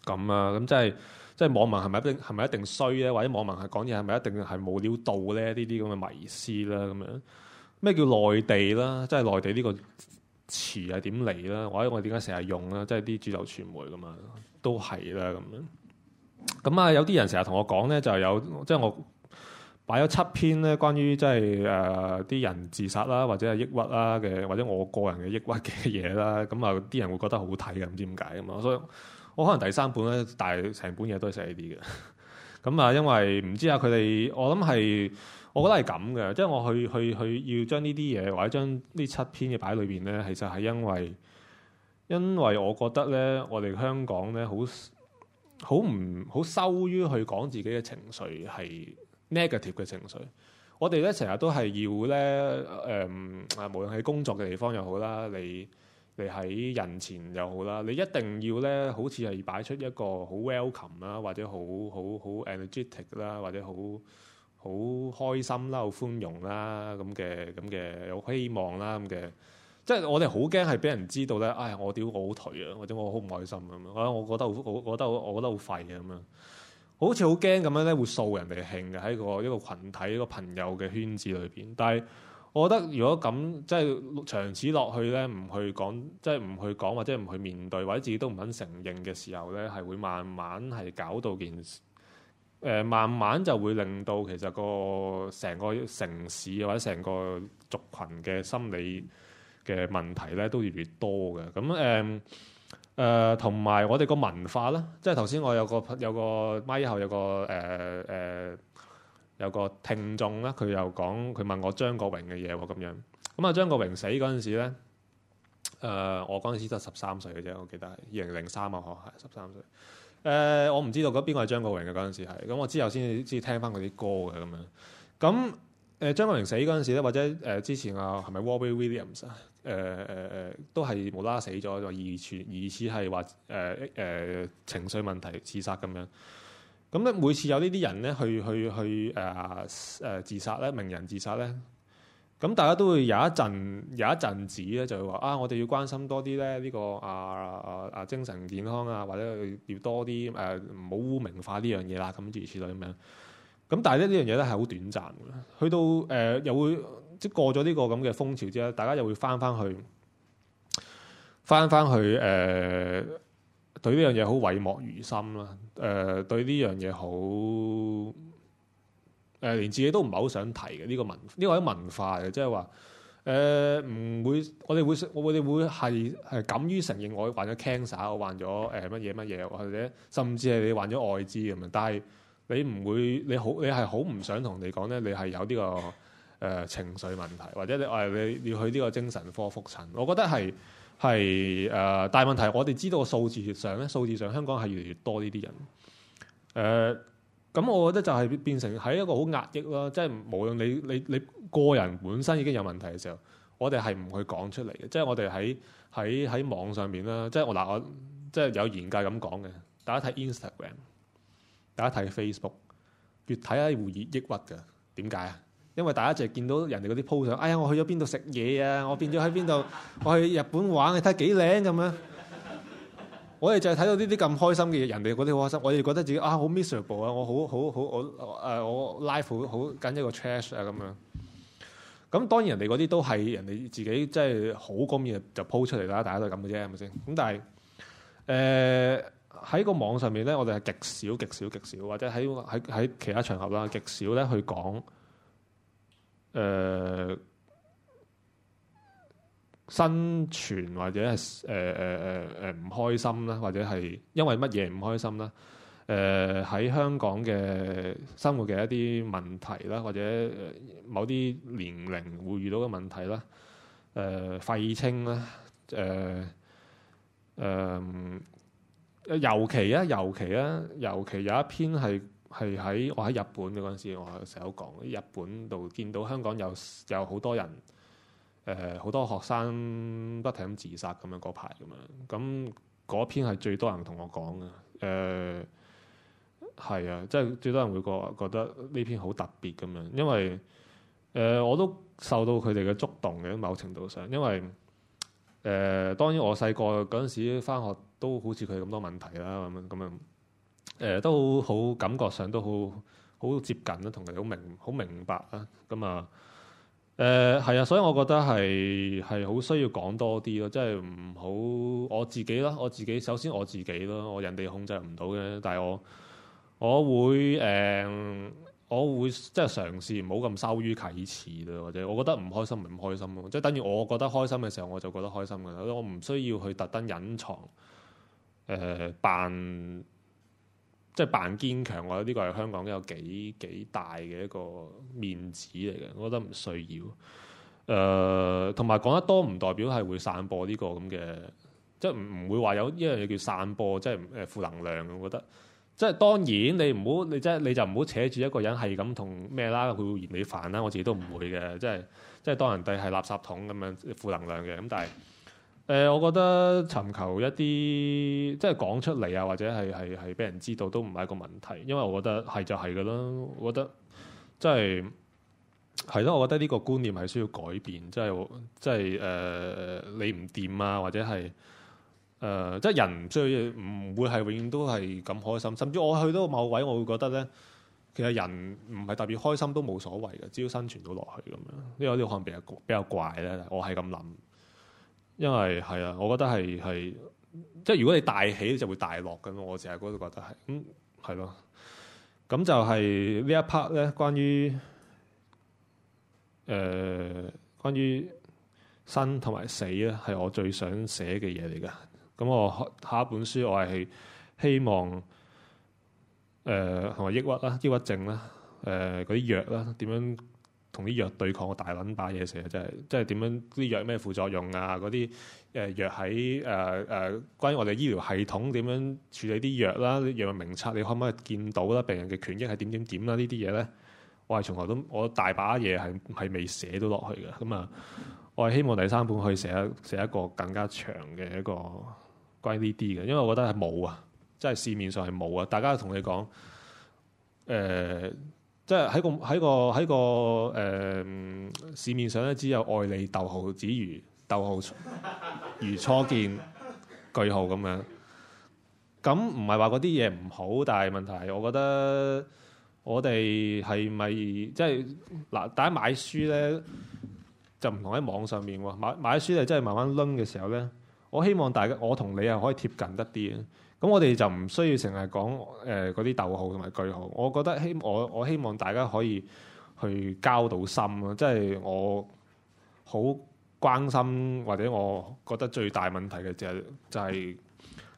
咁啊，咁即係即係網民係咪一定係咪一定衰咧？或者網民係講嘢係咪一定係冇料到咧？呢啲咁嘅迷思啦咁樣，啊。咩叫內地啦？即係內地呢個詞係點嚟啦？或者我哋點解成日用啦？即係啲主流傳媒咁啊，都係啦咁樣。咁啊，有啲人成日同我講咧，就係有即係我擺咗七篇咧，關於即係誒啲人自殺啦，或者係抑鬱啦嘅，或者我個人嘅抑鬱嘅嘢啦。咁啊，啲人會覺得好睇嘅，唔知點解咁啊。所以我可能第三本咧，但係成本嘢都係寫呢啲嘅。咁啊，因為唔知啊，佢哋我諗係。我覺得係咁嘅，即係我去去去要將呢啲嘢或者將呢七篇嘅擺裏邊咧，其實係因為因為我覺得咧，我哋香港咧好好唔好羞於去講自己嘅情緒係 negative 嘅情緒。我哋咧成日都係要咧誒、呃，無論喺工作嘅地方又好啦，你你喺人前又好啦，你一定要咧好似係擺出一個好 welcome 啦，或者好好好 energetic 啦，或者好。好開心啦，好寬容啦，咁嘅咁嘅有希望啦，咁嘅即係我哋好驚係俾人知道咧，唉，我屌我好頹啊，或者我好唔開心咁樣，我覺得好我覺得我覺得好廢啊咁樣，好似好驚咁樣咧會掃人哋興嘅喺個一個群體一個朋友嘅圈子裏邊。但係我覺得如果咁即係長此落去咧，唔去講即係唔去講或者唔去面對，或者自己都唔肯承認嘅時候咧，係會慢慢係搞到件事。誒、呃、慢慢就會令到其實個成個城市或者成個族群嘅心理嘅問題咧都越嚟越多嘅。咁誒誒同埋我哋個文化啦，即係頭先我有個有個咪，後有個誒誒、呃呃、有個聽眾啦，佢又講佢問我張國榮嘅嘢喎咁樣，咁、嗯、啊張國榮死嗰陣時咧，誒、呃、我嗰陣時都十三歲嘅啫，我記得二零零三啊嗬，十三歲。誒、呃、我唔知道嗰邊個係張國榮嘅嗰陣時係，咁我之後先至先至聽翻佢啲歌嘅咁樣。咁誒、呃、張國榮死嗰陣時咧，或者誒、呃、之前啊係咪 Robin Williams 啊？誒誒誒都係冇啦啦死咗，話疑似疑似係話誒誒情緒問題自殺咁樣。咁咧每次有呢啲人咧去去去誒誒、呃、自殺咧，名人自殺咧。咁大家都會有一陣有一陣子咧，就會話啊，我哋要關心多啲咧呢、呢個啊啊啊精神健康啊，或者要多啲誒唔好污名化呢樣嘢啦，咁如此類咁樣。咁但係咧呢樣嘢咧係好短暫嘅，去到誒、呃、又會即係過咗呢個咁嘅風潮之後，大家又會翻翻去翻翻去誒、呃、對呢樣嘢好諱莫如深啦，誒、呃、對呢樣嘢好。誒、呃，連自己都唔係好想提嘅呢、這個文呢、這個係文化嘅，即係話誒，唔、呃、會我哋會我哋會係係敢於承認我患咗 cancer，我患咗誒乜嘢乜嘢，或、呃、者甚至係你患咗愛滋咁啊！但係你唔會你好，你係好唔想同你講咧、這個，你係有呢個誒情緒問題，或者你誒、呃、你要去呢個精神科覆診。我覺得係係誒大問題。我哋知道數字上咧，數字上香港係越嚟越多呢啲人誒。呃咁我覺得就係變成喺一個好壓抑咯，即係無論你你你個人本身已經有問題嘅時候，我哋係唔去講出嚟嘅。即係我哋喺喺喺網上面啦，即係我嗱我即係有嚴格咁講嘅。大家睇 Instagram，大家睇 Facebook，越睇咧會越抑鬱噶。點解啊？因為大家就係見到人哋嗰啲 po 相，哎呀我去咗邊度食嘢啊，我變咗喺邊度，我去日本玩，啊，你睇幾靚咁啊！我哋就係睇到呢啲咁開心嘅嘢，人哋嗰啲好開心，我哋覺得自己啊好 miserable 啊，我好好好我誒、呃、我 life 好好簡直個 trash 啊咁樣。咁當然人哋嗰啲都係人哋自己即係好嗰面就 po 出嚟啦，大家都咁嘅啫，係咪先？咁但係誒喺個網上面咧，我哋係極少極少極少，少，或者喺喺喺其他場合啦，極少咧去講誒。呃生存或者係誒誒誒誒唔開心啦，或者係因為乜嘢唔開心啦，誒、呃、喺香港嘅生活嘅一啲問題啦，或者某啲年齡會遇到嘅問題啦，誒、呃、廢青啦，誒誒尤其啊，尤其啊，尤其有一篇係係喺我喺日本嘅嗰陣時，我成日有講，日本度見到香港有有好多人。誒好、呃、多學生不停咁自殺咁樣嗰排咁樣，咁嗰篇係最多人同我講嘅。誒係啊，即係最多人會覺覺得呢篇好特別咁樣，因為誒、呃、我都受到佢哋嘅觸動嘅某程度上，因為誒、呃、當然我細個嗰陣時返學都好似佢咁多問題啦，咁樣咁樣，誒、呃、都好感覺上都好好接近啦，同佢哋好明好明白啊，咁啊～誒係啊，所以我覺得係係好需要講多啲咯，即係唔好我自己啦，我自己首先我自己咯，我人哋控制唔到嘅，但係我我會誒、呃、我會即係嘗試唔好咁羞於啟齒咯，或者我覺得唔開心咪唔開心咯，即係等於我覺得開心嘅時候我就覺得開心嘅，所以我唔需要去特登隱藏誒扮，呃辦即係扮堅強，我覺得呢個係香港有幾幾大嘅一個面子嚟嘅，我覺得唔需要。誒、呃，同埋講得多唔代表係會散播呢個咁嘅，即係唔唔會話有一樣嘢叫散播，即係誒負能量。我覺得，即係當然你唔好你即係你就唔好扯住一個人係咁同咩啦，佢會嫌你煩啦。我自己都唔會嘅，即係即係當人哋係垃圾桶咁樣負能量嘅，咁但係。誒、呃，我覺得尋求一啲即係講出嚟啊，或者係係係俾人知道都唔係一個問題，因為我覺得係就係㗎啦。我覺得即係係咯，我覺得呢個觀念係需要改變，即係即係誒，你唔掂啊，或者係誒、呃，即係人唔需要，唔會係永遠都係咁開心，甚至我去到某位，我會覺得咧，其實人唔係特別開心都冇所謂嘅，只要生存到落去咁樣。呢個呢個可能比較比較怪咧，我係咁諗。因為係啊，我覺得係係，即係如果你大起就會大落咁咯。我成日嗰度覺得係，咁係咯。咁就係呢一 part 咧，關於誒、呃，關於生同埋死啊，係我最想寫嘅嘢嚟㗎。咁我下一本書我係希望誒同埋抑鬱啦、抑鬱症啦、誒嗰啲藥啦，點樣？同啲藥對抗，我大撚把嘢寫真係，即係點樣啲藥咩副作用啊？嗰啲誒藥喺誒誒，關於我哋醫療系統點樣處理啲藥啦？藥物名冊你可唔可以見到啦、啊？病人嘅權益係點點點啦？呢啲嘢咧，我係從來都我大把嘢係係未寫到落去嘅。咁啊，我係希望第三本可以寫一寫一個更加長嘅一個關於呢啲嘅，因為我覺得係冇啊，即係市面上係冇啊。大家同你講誒。呃即係喺個喺個喺個誒、呃、市面上咧，只有愛你，逗號，只如，逗號，如初見，句號咁樣。咁唔係話嗰啲嘢唔好，但係問題係，我覺得我哋係咪即係嗱？大家買書咧就唔同喺網上面買買書咧，真係慢慢攆嘅時候咧，我希望大家我同你啊可以貼近得啲。咁我哋就唔需要成日講誒嗰啲逗號同埋句號。我覺得希我我希望大家可以去交到心咯，即係我好關心或者我覺得最大問題嘅就係就係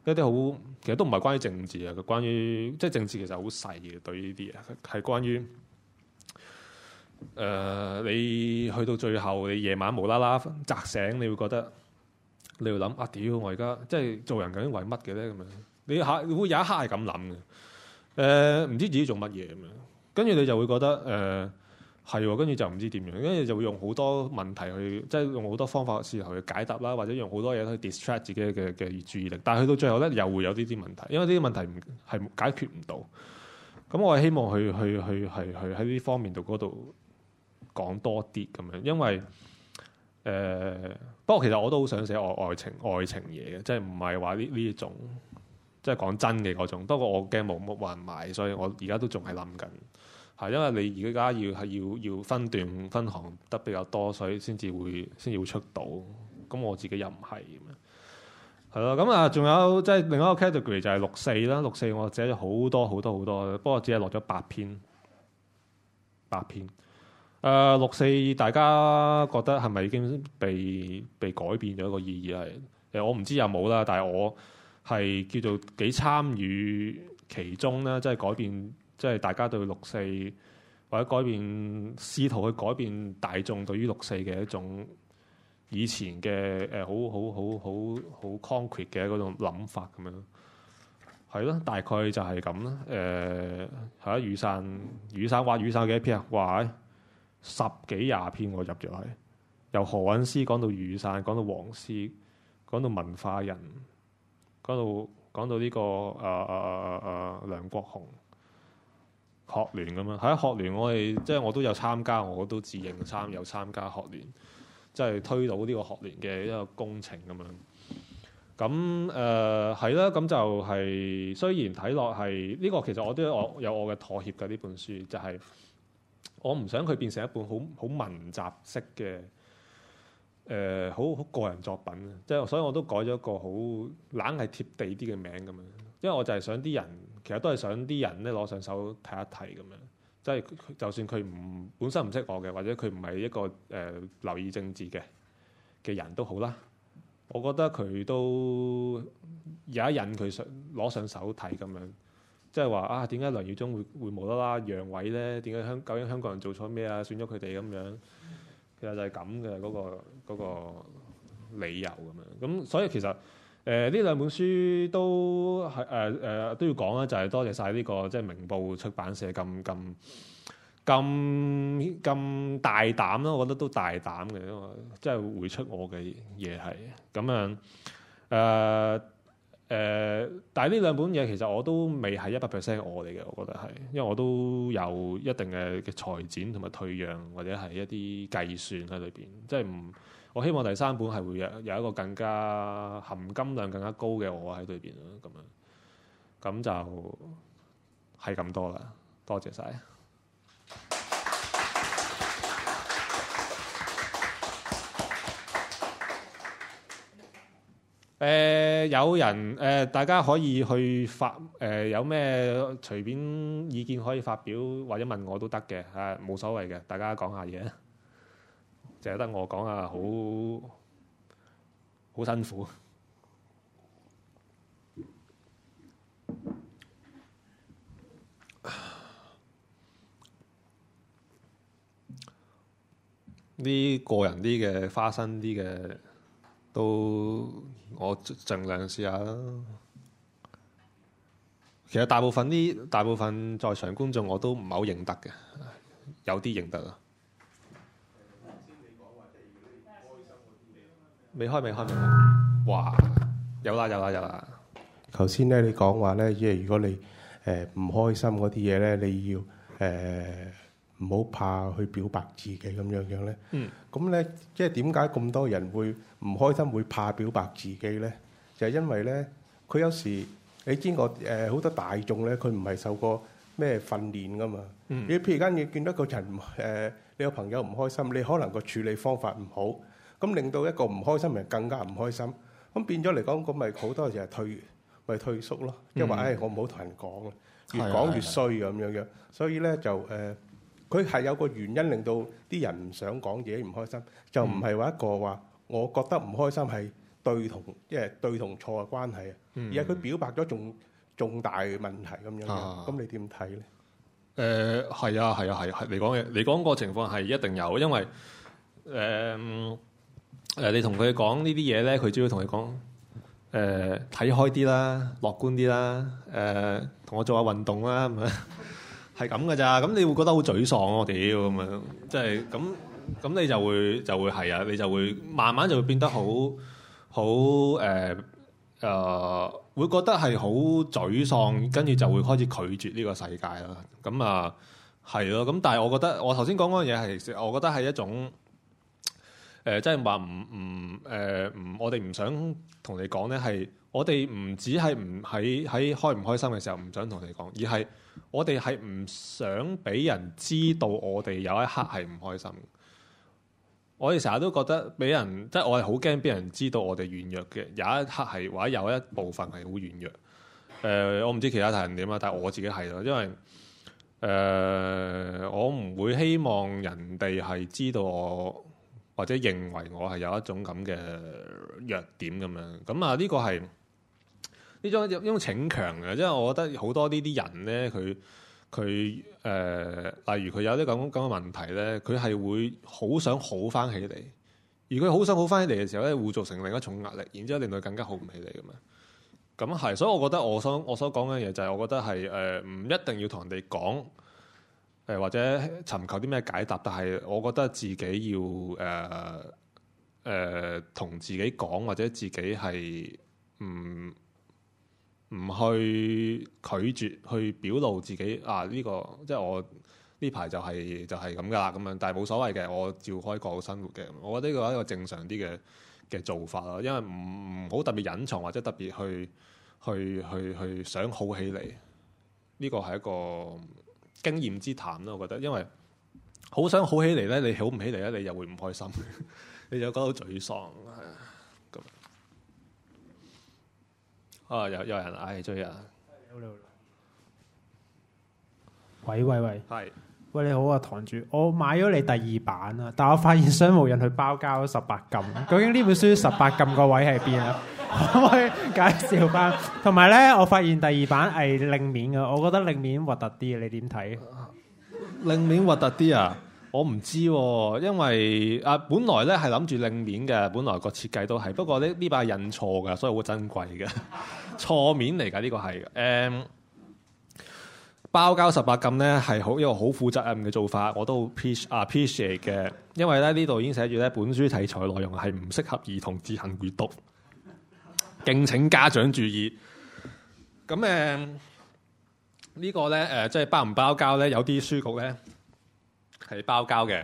一啲好其實都唔係關於政治嘅，關於即係政治其實好細嘅。對呢啲嘢係關於誒你去到最後，你夜晚無啦啦扎醒，你會覺得你會諗啊！屌我而家即係做人究竟為乜嘅咧咁樣？你嚇會有一刻係咁諗嘅，誒、呃、唔知自己做乜嘢咁樣，跟住你就會覺得誒係跟住就唔知點樣，跟住就會用好多問題去，即、就、係、是、用好多方法試去解答啦，或者用好多嘢去 distract 自己嘅嘅注意力。但係去到最後咧，又會有呢啲問題，因為呢啲問題係解決唔到。咁我希望去去去係去喺呢方面度度講多啲咁樣，因為誒、呃、不過其實我都好想寫愛愛情愛情嘢嘅，即係唔係話呢呢一種。即係講真嘅嗰種，不過我驚冇乜人買，所以我而家都仲係諗緊。係因為你而家要係要要分段分行得比較多，所以先至會先至會出到。咁我自己又唔係。係咯，咁啊，仲有即係另一個 category 就係六四啦。六四我寫咗好多好多好多，不過只係落咗八篇。八篇。誒、呃，六四大家覺得係咪已經被被改變咗個意義係？誒，我唔知有冇啦，但係我。係叫做幾參與其中咧，即係改變，即係大家對六四或者改變，試圖去改變大眾對於六四嘅一種以前嘅誒、呃，好好好好好 concrete 嘅嗰種諗法咁樣。係咯，大概就係咁啦。誒、呃，係啊，雨傘哇雨傘哇雨傘幾多篇啊？哇，十幾廿篇我入咗去，由何韻詩講到雨傘，講到黃絲，講到文化人。講到講到呢個誒誒誒誒梁國雄學聯咁啊，喺學聯我哋即係我都有參加，我都自認參有參加學聯，即係推倒呢個學聯嘅一個工程，咁樣。咁誒係啦，咁就係雖然睇落係呢個，其實我都我有，有我嘅妥協嘅，呢本書，就係我唔想佢變成一本好好文集式嘅。誒好好個人作品啊，即係所以我都改咗個好懶係貼地啲嘅名咁樣，因為我就係想啲人，其實都係想啲人咧攞上手睇一睇咁樣，即係就算佢唔本身唔識我嘅，或者佢唔係一個誒留意政治嘅嘅人都好啦，我覺得佢都有一引佢想攞上手睇咁樣，即係話啊點解梁耀忠會會無啦啦讓位咧？點解香究竟香港人做錯咩啊？選咗佢哋咁樣。其實就係咁嘅嗰個嗰個理由咁樣，咁所以其實誒呢兩本書都係誒誒都要講啦，就係多謝晒呢個即係明報出版社咁咁咁咁大膽咯，我覺得都大膽嘅，因為真係會出我嘅嘢係咁樣誒。呃誒、呃，但係呢兩本嘢其實我都未係一百 percent 我嚟嘅，我覺得係，因為我都有一定嘅裁剪同埋退讓、或者係一啲計算喺裏邊，即係唔我希望第三本係會有有一個更加含金量更加高嘅我喺裏邊咯，咁樣，咁就係咁多啦，多謝晒。誒、呃、有人誒、呃，大家可以去發誒、呃，有咩隨便意見可以發表或者問我都得嘅嚇，冇、啊、所謂嘅，大家講下嘢，淨係得我講下，好好辛苦。呢 個人啲嘅花生啲嘅。都我盡量試下啦。其實大部分啲大部分在場觀眾我都唔係好認得嘅，有啲認得啦。頭先你講話，如果你、呃、開心，未開未開未開。哇！有啦有啦有啦。頭先咧你講話咧，即係如果你誒唔開心嗰啲嘢咧，你要誒。呃唔好怕去表白自己咁樣樣咧。嗯。咁咧，即係點解咁多人會唔開心，會怕表白自己咧？就係因為咧，佢有時你知我誒好多大眾咧，佢唔係受過咩訓練㗎嘛。嗯。你譬如而家你見到一個人誒，你個朋友唔開心，你可能個處理方法唔好，咁令到一個唔開心嘅人更加唔開心，咁變咗嚟講，咁咪好多時係退，咪退縮咯，即係話誒，我唔好同人講，越講越衰咁樣樣。所以咧就誒。佢係有個原因令到啲人唔想講嘢唔開心，就唔係話一個話，我覺得唔開心係對同即係、就是、對同錯嘅關係、嗯、啊。而係佢表白咗重重大問題咁樣，咁你點睇咧？誒係啊係啊係啊！你講嘅你講個情況係一定有，因為誒誒、呃呃、你同佢講呢啲嘢咧，佢主要同你講誒睇、呃、開啲啦，樂觀啲啦，誒、呃、同我做下運動啦，咁啊～係咁噶咋？咁你會覺得好沮喪。我屌咁樣，即係咁咁，你就會就會係啊！你就會慢慢就會變得好好誒誒，會覺得係好沮喪，跟住就會開始拒絕呢個世界啦。咁啊，係咯。咁但係我覺得，我頭先講嗰樣嘢係，我覺得係一種誒，即係話唔唔誒唔，我哋唔想同你講咧，係我哋唔止係唔喺喺開唔開心嘅時候唔想同你講，而係。我哋係唔想俾人知道我哋有一刻係唔開心。我哋成日都覺得俾人即係、就是、我係好驚俾人知道我哋軟弱嘅，有一刻係或者有一部分係好軟弱。誒、呃，我唔知其他大人點啊，但係我自己係咯，因為誒、呃、我唔會希望人哋係知道我或者認為我係有一種咁嘅弱點咁樣呀。咁啊呢個係。呢種呢種逞強嘅，因為我覺得好多呢啲人咧，佢，佢誒，例如佢有啲咁咁嘅問題咧，佢係會好想好翻起嚟。而佢好想好翻起嚟嘅時候咧，會造成另一種壓力，然之後令到佢更加好唔起嚟嘅嘛。咁係，所以我覺得我想我所講嘅嘢就係，我覺得係誒，唔、呃、一定要同人哋講誒，或者尋求啲咩解答，但係我覺得自己要誒誒同自己講，或者自己係唔。呃唔去拒絕，去表露自己啊！呢個即係我呢排就係就係咁噶啦，咁樣但係冇所謂嘅，我照開過生活嘅。我覺得呢個係一個正常啲嘅嘅做法咯，因為唔唔好特別隱藏或者特別去去去去去想好起嚟。呢個係一個經驗之談咯，我覺得，因為好想好起嚟呢，你好唔起嚟呢，你又會唔開心， 你就覺得好沮喪。啊！又、哦、有人嗌、哎、追人。你好你，喂喂喂，係。喂，Hi. 喂你好啊，堂主，我買咗你第二版啊，但係我發現商務人去包膠十八禁，究竟呢本書十八禁個位喺邊啊？ 可唔可以介紹翻？同埋咧，我發現第二版係令面啊。我覺得令面核突啲，你點睇？令面核突啲啊？我唔知，因為啊，本來咧係諗住另面嘅，本來個設計都係，不過呢呢把係印錯㗎，所以好珍貴嘅，錯面嚟㗎呢個係誒、嗯、包膠十八禁咧，係好一個好負責任嘅做法，我都好、啊、appreciate 嘅。因為咧呢度已經寫住咧，本書題材內容係唔適合兒童自行閲讀，敬請家長注意。咁、嗯、誒、這個、呢個咧誒，即係包唔包膠咧？有啲書局咧。係包膠嘅，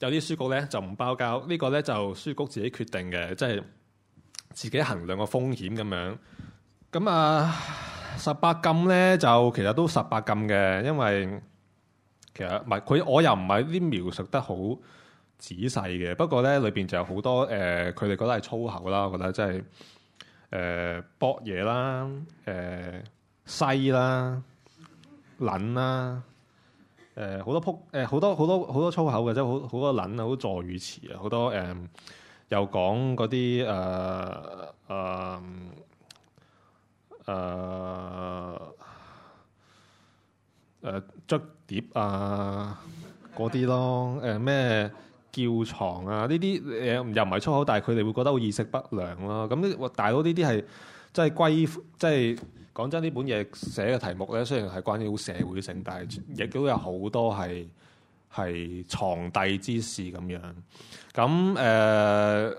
有啲書局咧就唔包膠，這個、呢個咧就書局自己決定嘅，即係自己衡量個風險咁樣。咁啊，十八禁咧就其實都十八禁嘅，因為其實唔係佢我又唔係啲描述得好仔細嘅，不過咧裏邊就有好多誒，佢、呃、哋覺得係粗口啦，我覺得真係誒搏嘢啦，誒、呃、西啦，撚啦。誒好、呃、多撲誒好多好多好多粗口嘅，即係好好多撚啊，好多助語詞啊，好多誒、呃、又講嗰啲誒誒誒誒捽碟啊嗰啲咯，誒、呃、咩叫床啊呢啲誒又唔係粗口，但係佢哋會覺得好意識不良咯。咁、嗯、呢大佬呢啲係即係歸即係。講真，呢本嘢寫嘅題目咧，雖然係關於社會性，但係亦都有好多係係床笫之事咁樣。咁誒誒，呃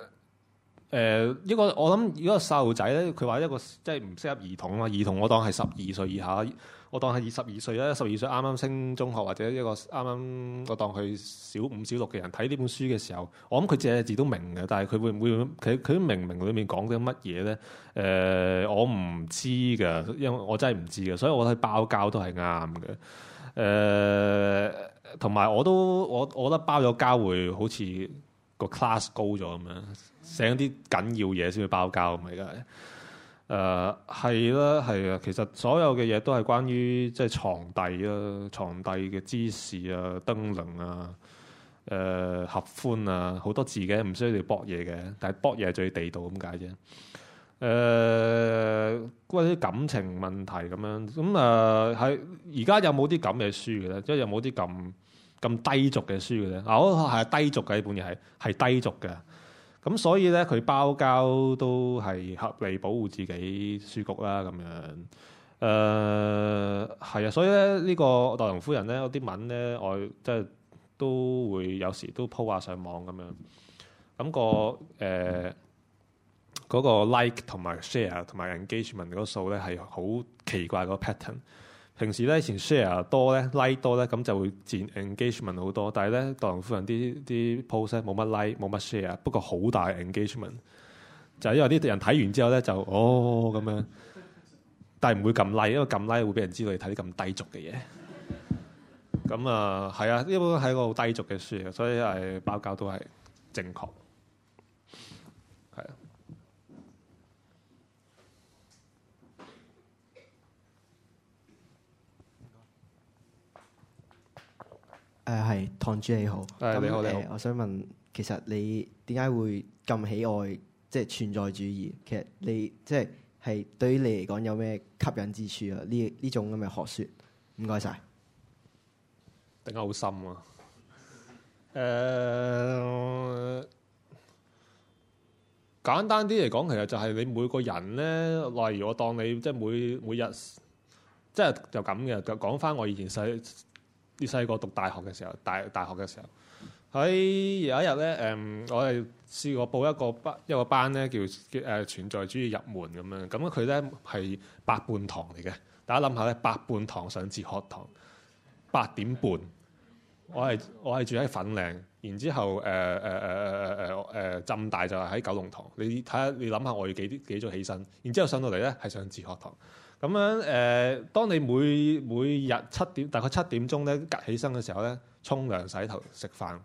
呃呢個、一個我諗如果細路仔咧，佢話一個即係唔適合兒童啊，兒童我當係十二歲以下。我當係二十二歲啦，十二歲啱啱升中學或者一個啱啱，我當佢小五小六嘅人睇呢本書嘅時候，我諗佢借字都明嘅，但係佢會唔會佢佢明唔明裡面講緊乜嘢咧？誒、呃，我唔知㗎，因為我真係唔知嘅，所以我覺得係包教都係啱嘅。誒、呃，同埋我都我我覺得包咗交會好似個 class 高咗咁樣，寫啲緊要嘢先去包教咪㗎。誒係啦，係啊、呃，其實所有嘅嘢都係關於即係床笫啊，床笫嘅知識啊，燈籠啊，誒、呃、合歡啊，好多字嘅，唔需要你博嘢嘅，但係博嘢係最地道咁解啫。誒、呃、關於感情問題咁樣，咁誒係而家有冇啲咁嘅書嘅咧？即係有冇啲咁咁低俗嘅書嘅咧？啊，我係低俗嘅呢本嘢係係低俗嘅。咁所以咧，佢包膠都係合理保護自己書局啦，咁樣，誒係啊，所以咧呢個代隆夫人咧，啲文咧，我即係都會有時都 po 下上網咁樣，咁、嗰個誒嗰、呃嗰個、like 同埋 share 同埋 engagement 嗰個數咧，係好奇怪個 pattern。平時咧，以前 share 多咧，like 多咧，咁就會佔 engagement 好多。但係咧，杜蘭夫人啲啲 post 咧，冇乜 like，冇乜 share，不過好大 engagement，就係因為啲人睇完之後咧就哦咁樣，但係唔會撳 like，因為撳 like 會俾人知道你睇啲咁低俗嘅嘢。咁、 嗯、啊，係啊，呢本係個好低俗嘅書，所以係包教都係正確。誒係、呃，唐主你好，誒、嗯、你好、呃、你好、呃、我想問，其實你點解會咁喜愛即係、就是、存在主義？其實你即係係對於你嚟講有咩吸引之處啊？呢呢種咁嘅學説，唔該晒，定解好，好深啊？誒、呃，簡單啲嚟講，其實就係你每個人咧，例如我當你即係每每日，即係就咁嘅。講翻我以前細。啲細個讀大學嘅時候，大大學嘅時候，喺有一日咧，誒、嗯，我係試過報一個班，一個班咧叫誒、呃、存在主義入門咁樣，咁佢咧係八半堂嚟嘅，大家諗下咧，八半堂上哲學堂，八點半，我係我係住喺粉嶺，然之後誒誒誒誒誒誒誒浸大就係喺九龍塘，你睇下你諗下我要幾啲幾早起身，然之後上到嚟咧係上哲學堂。咁樣誒、呃，當你每每日七點大概七點鐘咧，起身嘅時候咧，沖涼、洗頭、食飯、誒、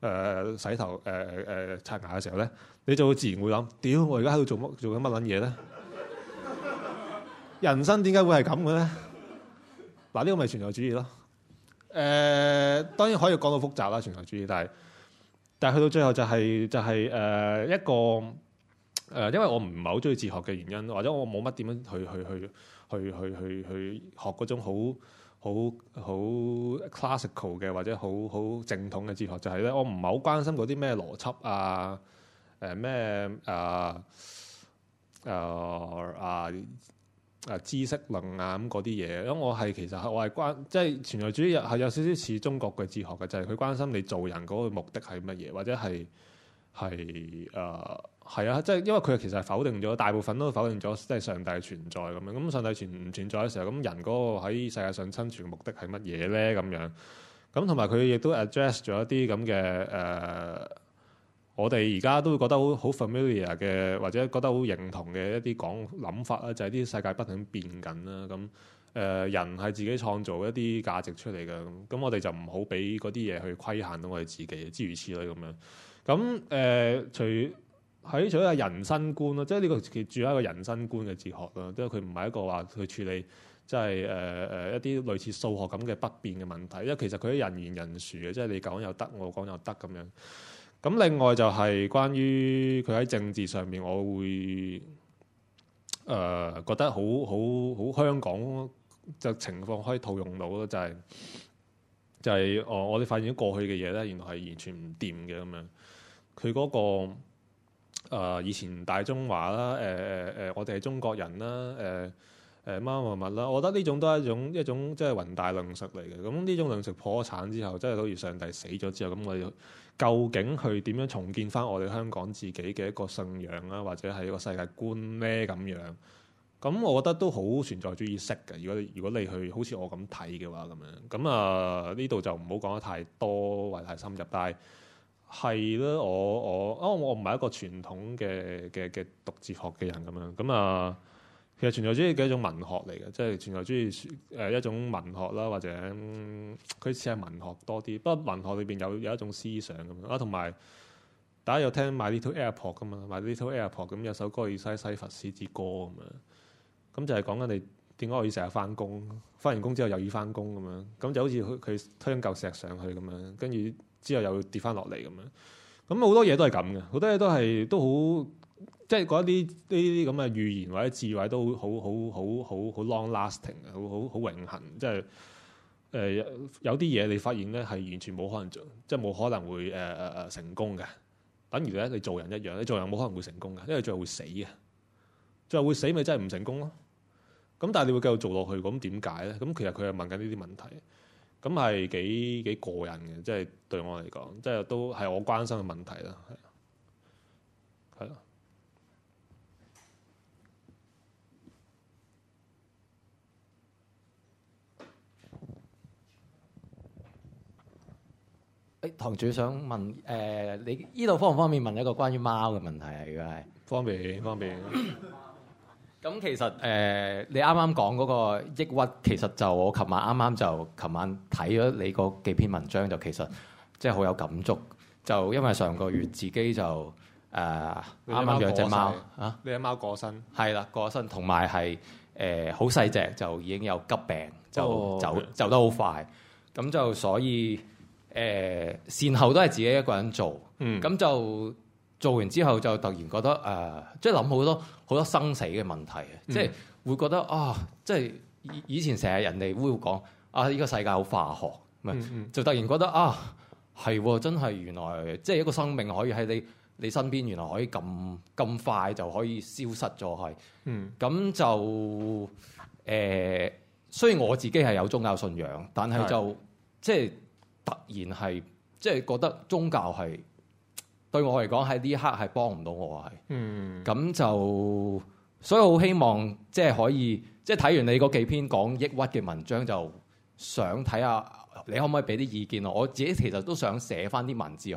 呃、洗頭、誒誒刷牙嘅時候咧，你就會自然會諗：屌、呃，我而家喺度做乜做緊乜撚嘢咧？ 人生點解會係咁嘅咧？嗱、 啊，呢、這個咪存在主義咯。誒、呃，當然可以講到複雜啦，存在主義，但係但係去到最後就係、是、就係、是、誒、呃、一個誒、呃，因為我唔係好中意自學嘅原因，或者我冇乜點樣去去去。去去去去去去學嗰種好好好 classical 嘅或者好好正統嘅哲學就係咧，我唔係好關心嗰啲咩邏輯啊，誒咩啊啊啊，啊，啊知識論啊咁嗰啲嘢咁。我係其實我係關即係存在主義，係有少少似中國嘅哲學嘅，就係、是、佢關心你做人嗰個目的係乜嘢，或者係。係誒係啊，即係、啊、因為佢其實否定咗大部分都否定咗，即、嗯、係上帝存在咁樣。咁上帝存唔存在嘅時候，咁、嗯、人嗰個喺世界上生存嘅目的係乜嘢咧？咁樣咁同、嗯、埋佢亦都 address 咗一啲咁嘅誒，我哋而家都會覺得好好 familiar 嘅，或者覺得好認同嘅一啲講諗法啦，就係、是、啲世界不停變緊啦。咁、嗯、誒、呃、人係自己創造一啲價值出嚟嘅，咁、嗯、我哋就唔好俾嗰啲嘢去規限到我哋自己，諸如此類咁樣。咁誒、呃，除喺除咗人生觀咯，即係呢個其實住喺一個人生觀嘅哲學咯，即係佢唔係一個話去處理即係誒誒一啲類似數學咁嘅不變嘅問題，因為其實佢啲人言人殊嘅，即係你講又得，我講又得咁樣。咁另外就係關於佢喺政治上面，我會誒、呃、覺得好好好香港嘅情況可以套用到咯，就係、是、就係、是呃、我我哋發現咗過去嘅嘢咧，原來係完全唔掂嘅咁樣。佢嗰、那個、呃、以前大中華啦，誒誒誒，我哋係中國人啦，誒、呃、誒，乜乜乜啦，我覺得呢種都係一種一種即係雲大論述嚟嘅。咁、嗯、呢種論述破產之後，即係好似上帝死咗之後，咁我哋究竟去點樣重建翻我哋香港自己嘅一個信仰啊，或者係一個世界觀咧？咁樣咁、嗯，我覺得都好存在主義式嘅。如果如果你去好似我咁睇嘅話，咁樣咁啊，呢、嗯、度、嗯、就唔好講得太多或太深入，但係。係啦，我我啊我唔係一個傳統嘅嘅嘅讀哲學嘅人咁樣咁啊，其實存在主義嘅一種文學嚟嘅，即係存在主義誒一種文學啦，或者佢似係文學多啲，不過文學裏邊有有一種思想咁啊，同埋大家有聽 My Little Airport 嘅、啊、嘛，My Little Airport 咁有首歌叫西西佛斯之歌咁啊，咁、嗯、就係講緊你點解我要成日翻工，翻完工之後又要翻工咁樣，咁、啊嗯、就好似佢佢推緊嚿石上去咁樣，跟住。之後又跌翻落嚟咁樣，咁好多嘢都係咁嘅，好多嘢都係都好，即係嗰一啲呢啲咁嘅預言或者智慧都好好好好 long-lasting，好好好永恆。即係誒有啲嘢你發現咧係完全冇可能做，即係冇可能會誒誒成功嘅。等於咧你做人一樣，你做人冇可能會成功嘅，因為最後會死嘅。最後會死咪真係唔成功咯？咁但係你會繼續做落去，咁點解咧？咁其實佢係問緊呢啲問題。咁係、嗯、幾幾個人嘅，即係對我嚟講，即係都係我關心嘅問題啦。係啊，係啊。哎、堂主想問誒、呃，你呢度方唔方便問一個關於貓嘅問題啊？如果係方便，方便。 咁其實誒、呃，你啱啱講嗰個抑鬱，其實就我琴晚啱啱就琴晚睇咗你嗰幾篇文章，就其實即係好有感觸。就因為上個月自己就誒啱啱養隻貓啊，你隻貓過身，係啦、啊、過身，同埋係誒好細隻就已經有急病，就走走、哦、得好快。咁就所以誒善、呃、後都係自己一個人做，嗯，咁就。做完之後就突然覺得誒，即係諗好多好多生死嘅問題，即係、嗯、會覺得啊，即、就、係、是、以前成日人哋會講啊，呢、這個世界好化學，咪、嗯嗯、就突然覺得啊，係、哦、真係原來即係、就是、一個生命可以喺你你身邊，原來可以咁咁快就可以消失咗去。嗯，咁就誒、呃，雖然我自己係有宗教信仰，但係就即係是突然係即係覺得宗教係。對我嚟講喺呢刻係幫唔到我啊，係。嗯。咁就，所以好希望即係、即係、可以，即係睇完你嗰幾篇講抑鬱嘅文章，就想睇下你可唔可以俾啲意見咯。我自己其實都想寫翻啲文字去，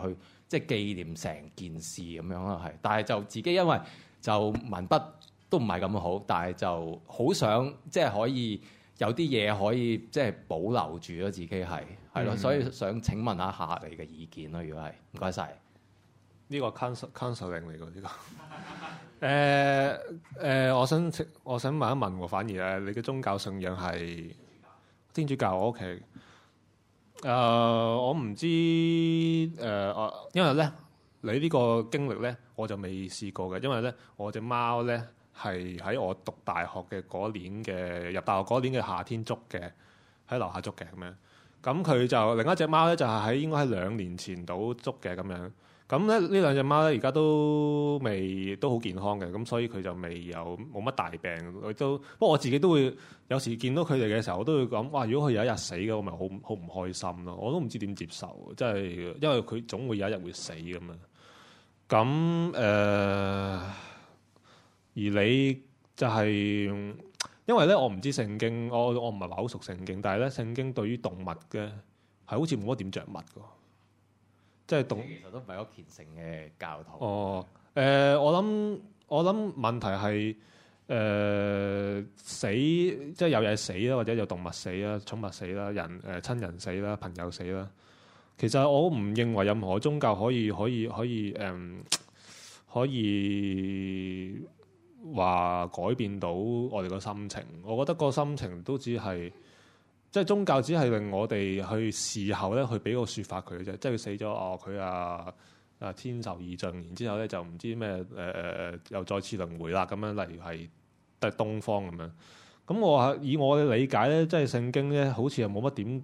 即係、就是、紀念成件事咁樣咯，係。但係就自己因為就文筆都唔係咁好，但係就好想即係、即係、可以有啲嘢可以即係、即係、保留住咗自己係，係咯。嗯、所以想請問一下你嘅意見咯，如果係，唔該晒。呢個 counselling counselling 嚟㗎，呢個誒誒，我想請我想問一問喎。反而咧，你嘅宗教信仰係天主教，我、呃，我屋企。誒，我唔知誒，因為咧你呢個經歷咧，我就未試過嘅。因為咧，我隻貓咧係喺我讀大學嘅嗰年嘅入大學嗰年嘅夏天捉嘅，喺樓下捉嘅咁樣。咁佢就另一隻貓咧，就係、是、喺應該喺兩年前到捉嘅咁樣。咁咧，呢兩隻貓咧，而家都未都好健康嘅，咁所以佢就未有冇乜大病。佢都不過我自己都會有時見到佢哋嘅時候，我都會講，哇！如果佢有一日死嘅，我咪好好唔開心咯。我都唔知點接受，即係因為佢總會有一日會死嘅嘛。咁、嗯、誒、呃，而你就係、是、因為咧，我唔知聖經，我我唔係話好熟聖經，但係咧，聖經對於動物嘅係好似冇乜點著墨嘅。即係動，其實都唔係一個虔誠嘅教徒。哦，誒、呃，我諗我諗問題係誒、呃、死，即、就、係、是、有嘢死啦，或者有動物死啦、寵物死啦、人誒、呃、親人死啦、朋友死啦。其實我唔認為任何宗教可以可以可以誒，可以話、嗯、改變到我哋個心情。我覺得個心情都只係。即係宗教只係令我哋去事後咧去俾個説法佢嘅啫，即係佢死咗哦，佢啊啊天壽已盡，然之後咧就唔知咩誒誒誒，又再次輪迴啦咁樣。例如係對東方咁樣。咁我以我嘅理解咧，即係聖經咧，好似又冇乜點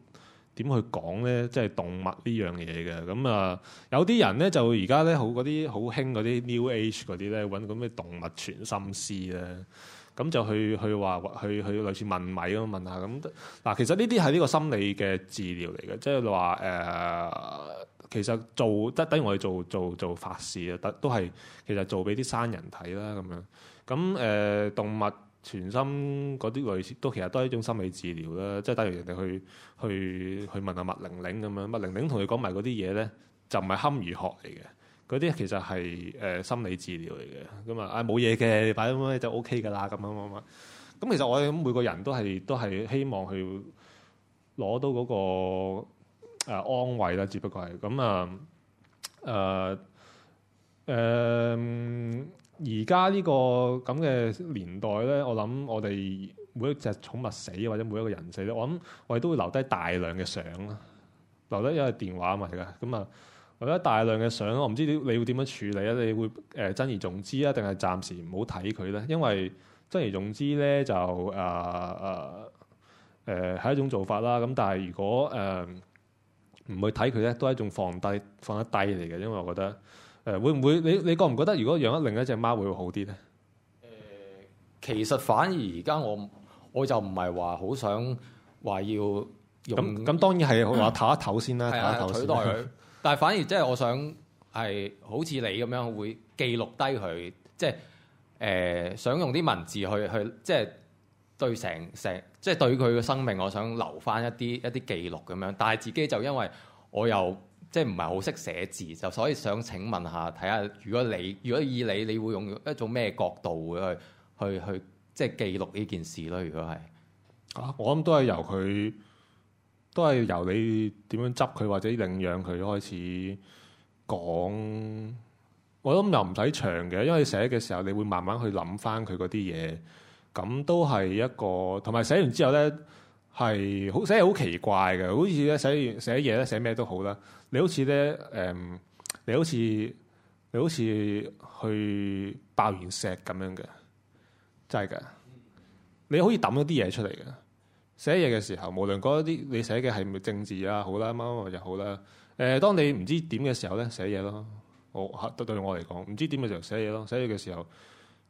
點去講咧，即係動物呢樣嘢嘅。咁啊，有啲人咧就而家咧好嗰啲好興嗰啲 New Age 嗰啲咧，揾嗰咩動物傳心思咧。咁、嗯、就去去話去去，去類似問米咁問下咁。嗱，其實呢啲係呢個心理嘅治療嚟嘅，即係話誒，其實做即係等於我哋做做做法事啊，都都係其實做俾啲生人睇啦咁樣。咁誒、呃、動物傳心嗰啲類似都其實都係一種心理治療啦，即、就、係、是、等於人哋去去去問下麥玲玲咁樣，麥玲玲同佢講埋嗰啲嘢咧，就唔係堪輿學嚟嘅。嗰啲其實係誒、呃、心理治療嚟嘅，咁啊，啊冇嘢嘅，擺啲咩就 O K 噶啦，咁啊，咁其實我哋每個人都係都係希望去攞到嗰、個、啊、安慰啦、啊，只不過係咁啊，誒、啊、誒，而家呢個咁嘅年代咧，我諗我哋每一隻寵物死或者每一個人死咧，我諗我哋都會留低大量嘅相啦，留低一係電話啊嘛，咁啊。有咗大量嘅相，我唔知你會點樣處理啊？你會誒珍而重之啊，定係暫時唔好睇佢咧？因為珍而重之咧，就誒誒誒係一種做法啦。咁但係如果誒唔去睇佢咧，都係一種放低放得低嚟嘅。因為我覺得誒會唔會你你覺唔覺得如果養咗另一隻貓會好啲咧？誒、呃，其實反而而家我我就唔係話好想話要咁咁，當然係話唞一唞先啦，唞一唞先。但係反而即係我想係好似你咁樣會記錄低佢，即係誒想用啲文字去去即係、就是、對成成即係、就是、對佢嘅生命，我想留翻一啲一啲記錄咁樣。但係自己就因為我又即係唔係好識寫字，就所以想請問下，睇下如果你如果以你，你會用一種咩角度去去去即係、就是、記錄呢件事咧？如果係啊，我諗都係由佢。都係由你點樣執佢或者領養佢開始講，我諗又唔使長嘅，因為寫嘅時候你會慢慢去諗翻佢嗰啲嘢，咁都係一個同埋寫完之後咧，係好寫係好奇怪嘅，好似咧寫寫嘢咧寫咩都好啦，你好似咧誒你好似你好似去爆完石咁樣嘅，真係㗎，你可以揼到啲嘢出嚟嘅。寫嘢嘅時候，無論嗰啲你寫嘅係咪政治啊，好啦，啱乜又好啦。誒、呃，當你唔知點嘅時候咧，寫嘢咯。我、哦、對對我嚟講，唔知點嘅時候寫嘢咯。寫嘢嘅時候，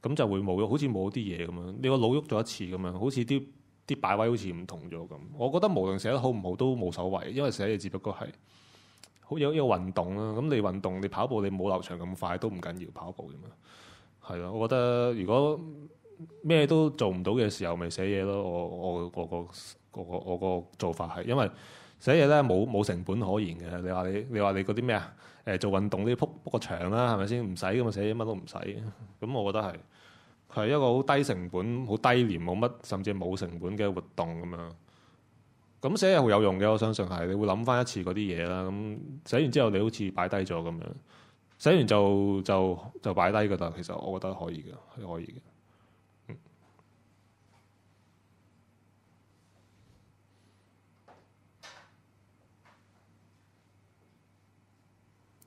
咁就會冇，好似冇啲嘢咁樣。你個腦喐咗一次咁樣，好似啲啲擺位好似唔同咗咁。我覺得無論寫得好唔好都冇所謂，因為寫嘢只不過係好有有運動啦、啊。咁你運動，你跑步你冇劉翔咁快都唔緊要，跑步咁樣。係啊，我覺得如果。咩都做唔到嘅時候，咪寫嘢咯。我我我個我個我個做法係，因為寫嘢咧冇冇成本可言嘅。你話你你話你嗰啲咩啊？誒、呃、做運動啲撲撲個場啦、啊，係咪先唔使咁嘛，寫嘢乜都唔使，咁、嗯、我覺得係佢係一個好低成本、好低廉、冇乜甚至冇成本嘅活動咁樣。咁、嗯、寫嘢好有用嘅，我相信係你會諗翻一次嗰啲嘢啦。咁、嗯、寫完之後，你好似擺低咗咁樣，寫完就就就擺低噶啦。其實我覺得可以嘅，係可以嘅。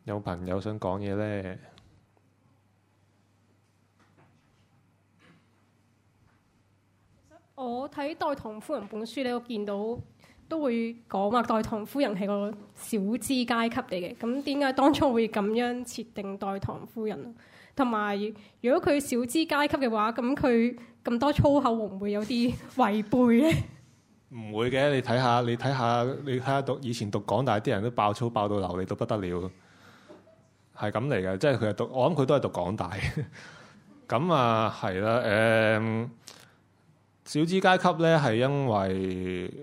有朋友想講嘢呢？其實我睇代糖夫人本書你我見到都會講話。代糖夫人係個小資階級嚟嘅，咁點解當初會咁樣設定代糖夫人同埋，如果佢小資階級嘅話，咁佢咁多粗口會唔會有啲違背呢？唔 會嘅，你睇下，你睇下，你睇下讀以前讀港大啲人都爆粗爆到流利到不得了。係咁嚟嘅，即係佢係讀，我諗佢都係讀港大。咁 啊，係啦，誒、嗯，小資階級咧，係因為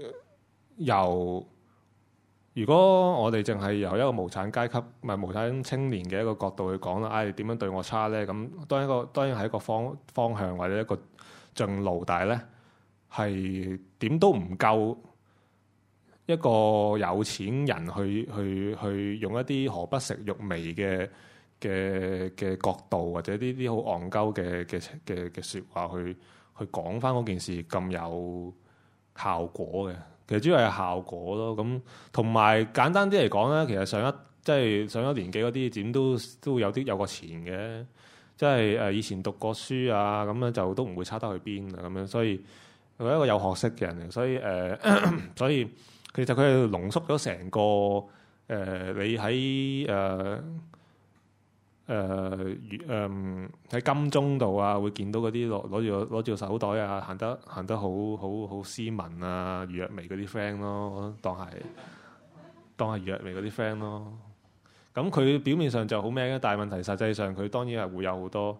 由如果我哋淨係由一個無產階級唔係無產青年嘅一個角度去講啦，唉、哎，點樣對我差咧？咁當然個當然係一個方方向或者一個進路，但係咧係點都唔夠。一個有錢人去去去用一啲何不食肉糜嘅嘅嘅角度，或者啲啲好戇鳩嘅嘅嘅嘅説話去去講翻嗰件事咁有效果嘅。其實主要係效果咯。咁同埋簡單啲嚟講咧，其實上一即係上咗年紀嗰啲，點都都會有啲有個錢嘅，即係誒、呃、以前讀過書啊，咁樣就都唔會差得去邊啊咁樣。所以佢係一個有學識嘅人嚟，所以誒、呃，所以。其實佢係濃縮咗成個誒、呃，你喺誒誒誒，喺、呃呃呃呃、金鐘度啊，會見到嗰啲攞攞住攞住個手袋啊，行得行得好好好斯文啊，余若薇嗰啲 friend 咯，當係當係余若薇嗰啲 friend 咯。咁佢表面上就好咩嘅，但係問題實際上佢當然係會有好多誒、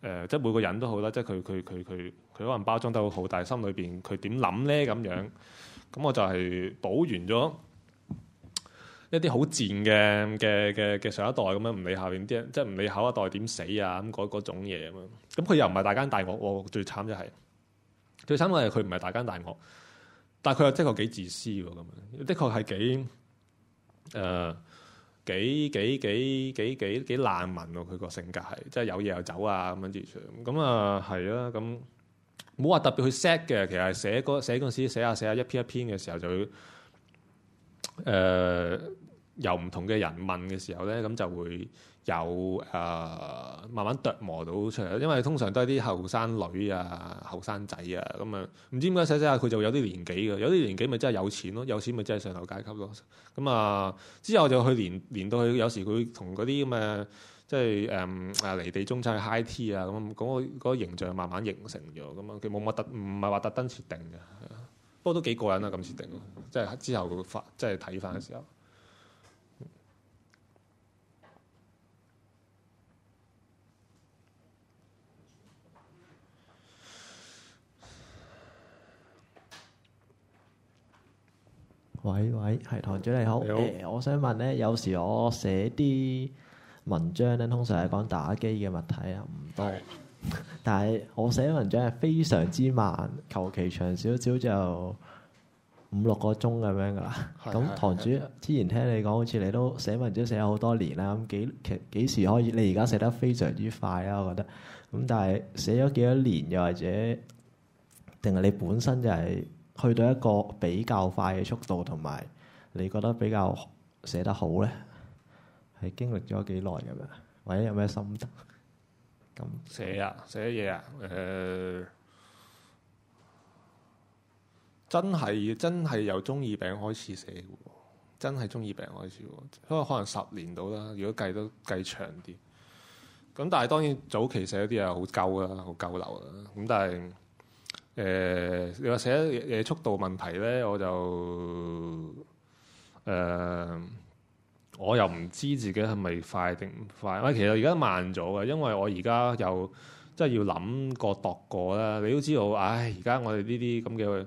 呃，即係每個人都好啦，即係佢佢佢佢佢可能包裝得好好，但係心裏邊佢點諗咧咁樣？咁、嗯、我就係保完咗一啲好賤嘅嘅嘅嘅上一代咁樣，唔理下面啲人，即係唔理下一代點死啊咁嗰種嘢咁樣。咁、嗯、佢又唔係大奸大惡，我最慘就係、是、最慘嘅係佢唔係大奸大惡，但係佢又真係幾自私喎咁。的確係幾誒幾幾幾幾幾幾爛民咯，佢、呃、個性格係即係有嘢又走啊咁樣之類咁。咁、嗯、啊係啦咁。嗯冇話特別去 set 嘅，其實係寫嗰寫嗰時寫下寫下一篇一篇嘅時、呃、時候，就誒由唔同嘅人問嘅時候咧，咁就會有誒、呃、慢慢琢磨到出嚟。因為通常都係啲後生女啊、後生仔啊，咁、嗯、啊，唔知點解寫寫下佢就有啲年紀嘅，有啲年紀咪真係有錢咯，有錢咪真係上流階級咯。咁、嗯、啊之後就去連連到去，有時佢同嗰啲咁嘅。即係誒離地中產、IT 啊，咁嗰個嗰個形象慢慢形成咗，咁啊，佢冇乜特，唔係話特登設定嘅。不過都幾過癮啊，咁設定，即係之後發，即係睇翻嘅時候。喂喂，係堂主你好，我想問咧，有時我寫啲文章咧通常係講打機嘅物體啊，唔多。的但係我寫文章係非常之慢，求其長少少就五六個鐘咁樣噶啦。咁堂的主的之前聽你講，好似你都寫文章寫咗好多年啦。咁幾期幾時可以？你而家寫得非常之快啦，啊，我覺得。咁但係寫咗幾多年，又或者定係你本身就係去到一個比較快嘅速度，同埋你覺得比較寫得好咧？係經歷咗幾耐咁啊？或者有咩心得？咁 那寫啊，寫嘢啊，誒、呃，真係真係由中二病開始寫喎，真係中二病開始喎，不過可能十年到啦，如果計都計長啲。咁但係當然早期寫嗰啲啊，好鳩啦，好鳩流啦。咁但係誒，你話寫嘢速度問題咧，我就誒。呃我又唔知自己係咪快定唔快，喂，其實而家慢咗嘅，因為我而家又即係要諗過度過啦。你都知道，唉，而家我哋呢啲咁嘅，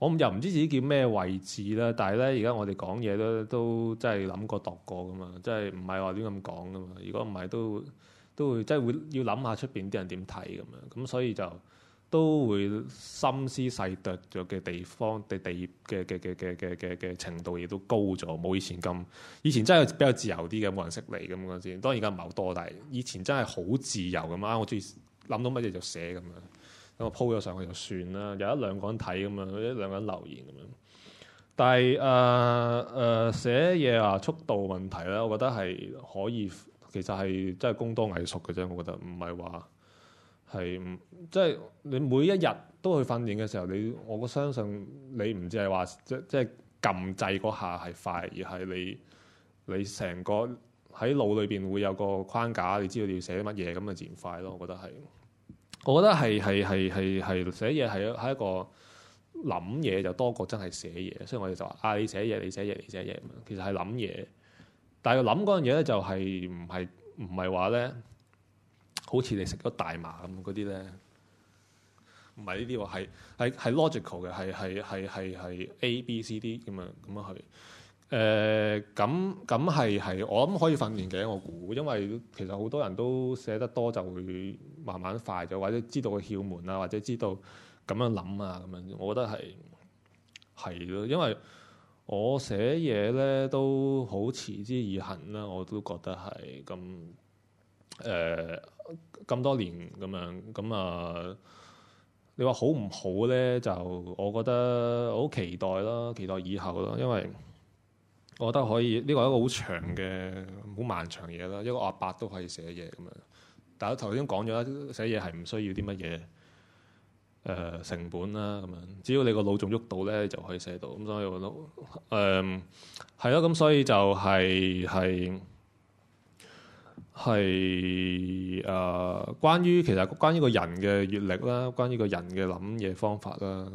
我又唔知自己叫咩位置啦。但係咧，而家我哋講嘢都都真係諗過度過噶嘛，即係唔係話亂咁講噶嘛？如果唔係，都都會即係會要諗下出邊啲人點睇咁樣。咁所以就。都會心思細剁咗嘅地方嘅地嘅嘅嘅嘅嘅嘅程度亦都高咗，冇以前咁。以前真係比較自由啲嘅，冇人識你咁嗰陣。當然而家唔係好多，但係以前真係好自由咁啊！我中意諗到乜嘢就寫咁樣，咁我鋪咗上去就算啦。有一兩個人睇咁樣，有一兩個人留言咁樣。但係誒誒，寫嘢啊，速度問題啦，我覺得係可以，其實係真係工多藝熟嘅啫。我覺得唔係話。係，即係你每一日都去訓練嘅時候，你我相信你唔知係話即即係撳掣嗰下係快，而係你你成個喺腦裏邊會有個框架，你知道你要寫乜嘢，咁咪自然快咯。我覺得係，我覺得係係係係係寫嘢係係一個諗嘢就多過真係寫嘢，所以我哋就話嗌你寫嘢，你寫嘢，你寫嘢。其實係諗嘢，但係諗嗰樣嘢咧就係唔係唔係話咧。好似你食咗大麻咁嗰啲咧，唔係呢啲喎，係係 logical 嘅，係係係係係 A B C D 咁樣咁樣去，誒咁咁係係我諗可以訓練嘅，我估，因為其實好多人都寫得多就會慢慢快咗，或者知道個竅門啊，或者知道咁樣諗啊咁樣，thấy, photos 我覺得係係咯，因為我寫嘢咧都好持之以恒啦，我都覺得係咁誒。咁多年咁樣，咁啊，你話好唔好咧？就我覺得好期待啦，期待以後啦，因為我覺得可以，呢個係一個好長嘅好漫長嘢啦。一個阿伯都可以寫嘢咁樣，但係頭先講咗啦，寫嘢係唔需要啲乜嘢誒成本啦，咁樣只要你個腦仲喐到咧，就可以寫到。咁所以我都誒係咯，咁、呃、所以就係、係、係。係誒、呃，關於其實關於個人嘅閱歷啦，關於個人嘅諗嘢方法啦，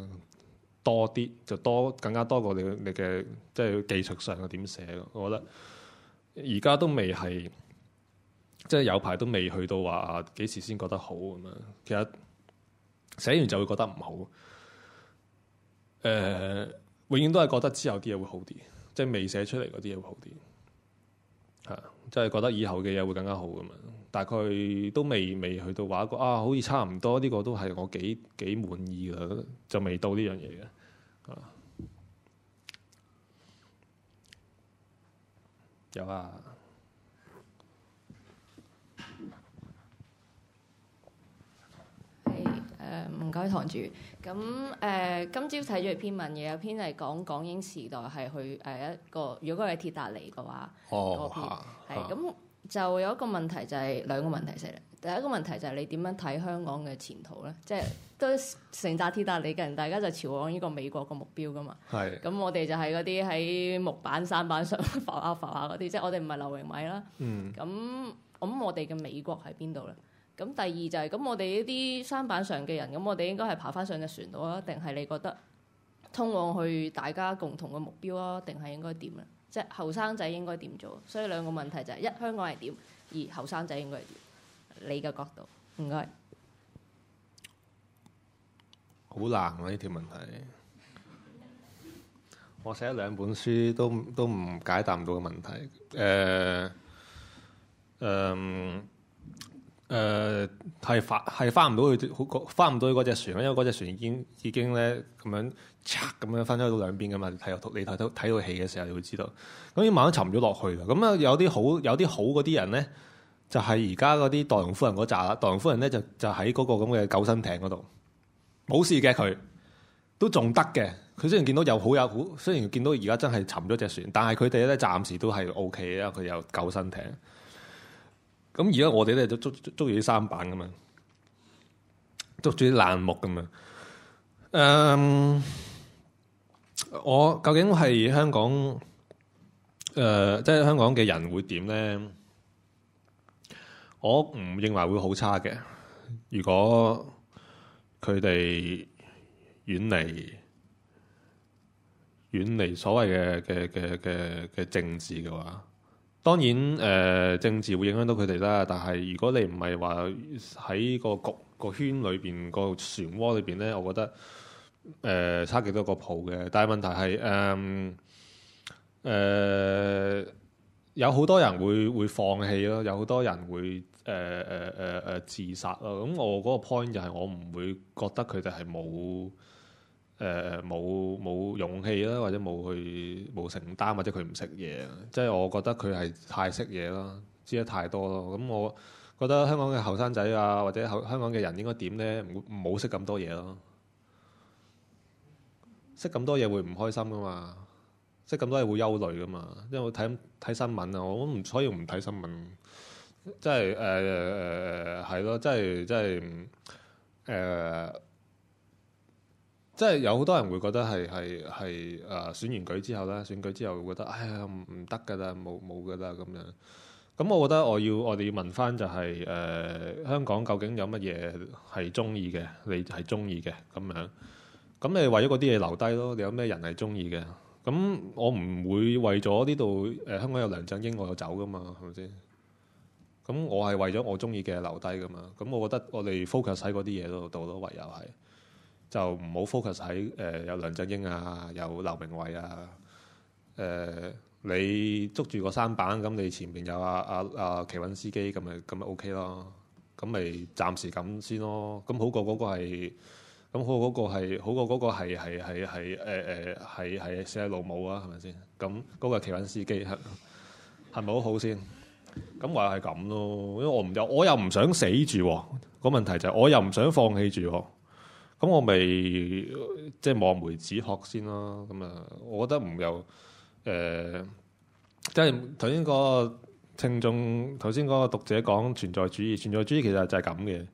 多啲就多更加多過你你嘅即係技術上嘅點寫咯。我覺得而家都未係，即係有排都未去到話幾時先覺得好咁樣。其實寫完就會覺得唔好。誒、呃，永遠都係覺得之後啲嘢會好啲，即係未寫出嚟嗰啲嘢會好啲。係、嗯，即係覺得以後嘅嘢會更加好咁樣。大概都未未去到話個啊，好似差唔多呢個都係我幾幾滿意嘅，就未到呢樣嘢嘅啊，有啊。誒唔該，堂主。咁誒，今朝睇咗一篇文嘅，有篇係講港英時代係去誒一個，如果佢係鐵達尼嘅話，嗰篇係咁就有一個問題，就係兩個問題先。第一個問題就係你點樣睇香港嘅前途咧？即係都成扎鐵達尼嘅人，大家就朝往呢個美國嘅目標噶嘛。係咁，我哋就係嗰啲喺木板、山板上浮下浮下嗰啲，即係我哋唔係劉榮偉啦。嗯，咁咁，我哋嘅美國喺邊度咧？咁第二就係、是、咁，我哋呢啲舢舨上嘅人，咁我哋應該係爬翻上隻船度啊？定係你覺得通往去大家共同嘅目標啊？定係應該點咧？即係後生仔應該點做？所以兩個問題就係、是、一香港係點，二後生仔應該係點？你嘅角度唔該。好難啊！呢條問題，我寫兩本書都都唔解答唔到嘅問題。誒、呃，嗯、呃。誒係、呃、返係返唔到去好個唔到嗰隻船，因為嗰隻船已經已經咧咁樣拆咁樣分咗到兩邊嘅嘛。睇到你睇到睇到戲嘅時候，你會知道。咁要慢慢沉咗落去嘅。咁啊有啲好有啲好嗰啲人咧，就係而家嗰啲代玉夫人嗰扎啦。黛玉夫人咧就就喺嗰、那個咁嘅救生艇嗰度，冇事嘅佢都仲得嘅。佢雖然見到有好有好，雖然見到而家真係沉咗隻船，但係佢哋咧暫時都係 O K 啦。佢有救生艇。咁而家我哋咧就捉捉住啲三板噶嘛，捉住啲爛木噶嘛。嗯，我究竟係香港，誒、呃，即係香港嘅人會點咧？我唔認為會好差嘅。如果佢哋遠離遠離所謂嘅嘅嘅嘅嘅政治嘅話。當然，誒、呃、政治會影響到佢哋啦。但係如果你唔係話喺個局、個圈裏邊、個漩渦裏邊呢，我覺得誒、呃、差幾多個蒲嘅。但係問題係誒誒有好多人會會放棄咯，有好多人會誒誒誒誒自殺咯。咁我嗰個 point 就係我唔會覺得佢哋係冇。誒冇冇勇氣啦，或者冇去冇承擔，或者佢唔識嘢，即係我覺得佢係太識嘢啦，知得太多咯。咁、嗯、我覺得香港嘅後生仔啊，或者香港嘅人應該點咧？唔好識咁多嘢咯，識咁多嘢會唔開心噶嘛，識咁多嘢會憂慮噶嘛。因為我睇睇新聞啊，我唔，所以唔睇新聞，即係誒係咯，即係即係誒。呃即係有好多人會覺得係係係誒選完舉之後咧，選舉之後會覺得，哎呀唔得㗎啦，冇冇㗎啦咁樣。咁、嗯、我覺得我要我哋要問翻就係、是、誒、呃、香港究竟有乜嘢係中意嘅，你係中意嘅咁樣。咁、嗯、你為咗嗰啲嘢留低咯，你有咩人係中意嘅？咁、嗯、我唔會為咗呢度誒香港有梁振英我有走㗎嘛，係咪先？咁、嗯、我係為咗我中意嘅留低㗎嘛。咁、嗯、我覺得我哋 focus 喺嗰啲嘢度度咯，唯有係。就唔好 focus 喺誒有梁振英啊，有劉明偉啊，誒、呃、你捉住個三板，咁你前邊有阿阿阿奇韻司，OK 啊那個、司機，咁咪咁咪 OK 咯，咁咪暫時咁先咯，咁好過嗰個係，咁好過嗰個係，好過嗰個係係係係誒誒係係四 A 路冇啊，係咪先？咁嗰個奇韻司機係係咪好好先？咁我又係咁咯，因為我唔又我又唔想死住、啊，個問題就係我又唔想放棄住、啊。咁、嗯、我咪即係望梅止渴先咯。咁、嗯、啊，我覺得唔由誒，即係頭先個聽眾頭先嗰個讀者講存在主義。存在主義其實就係咁嘅，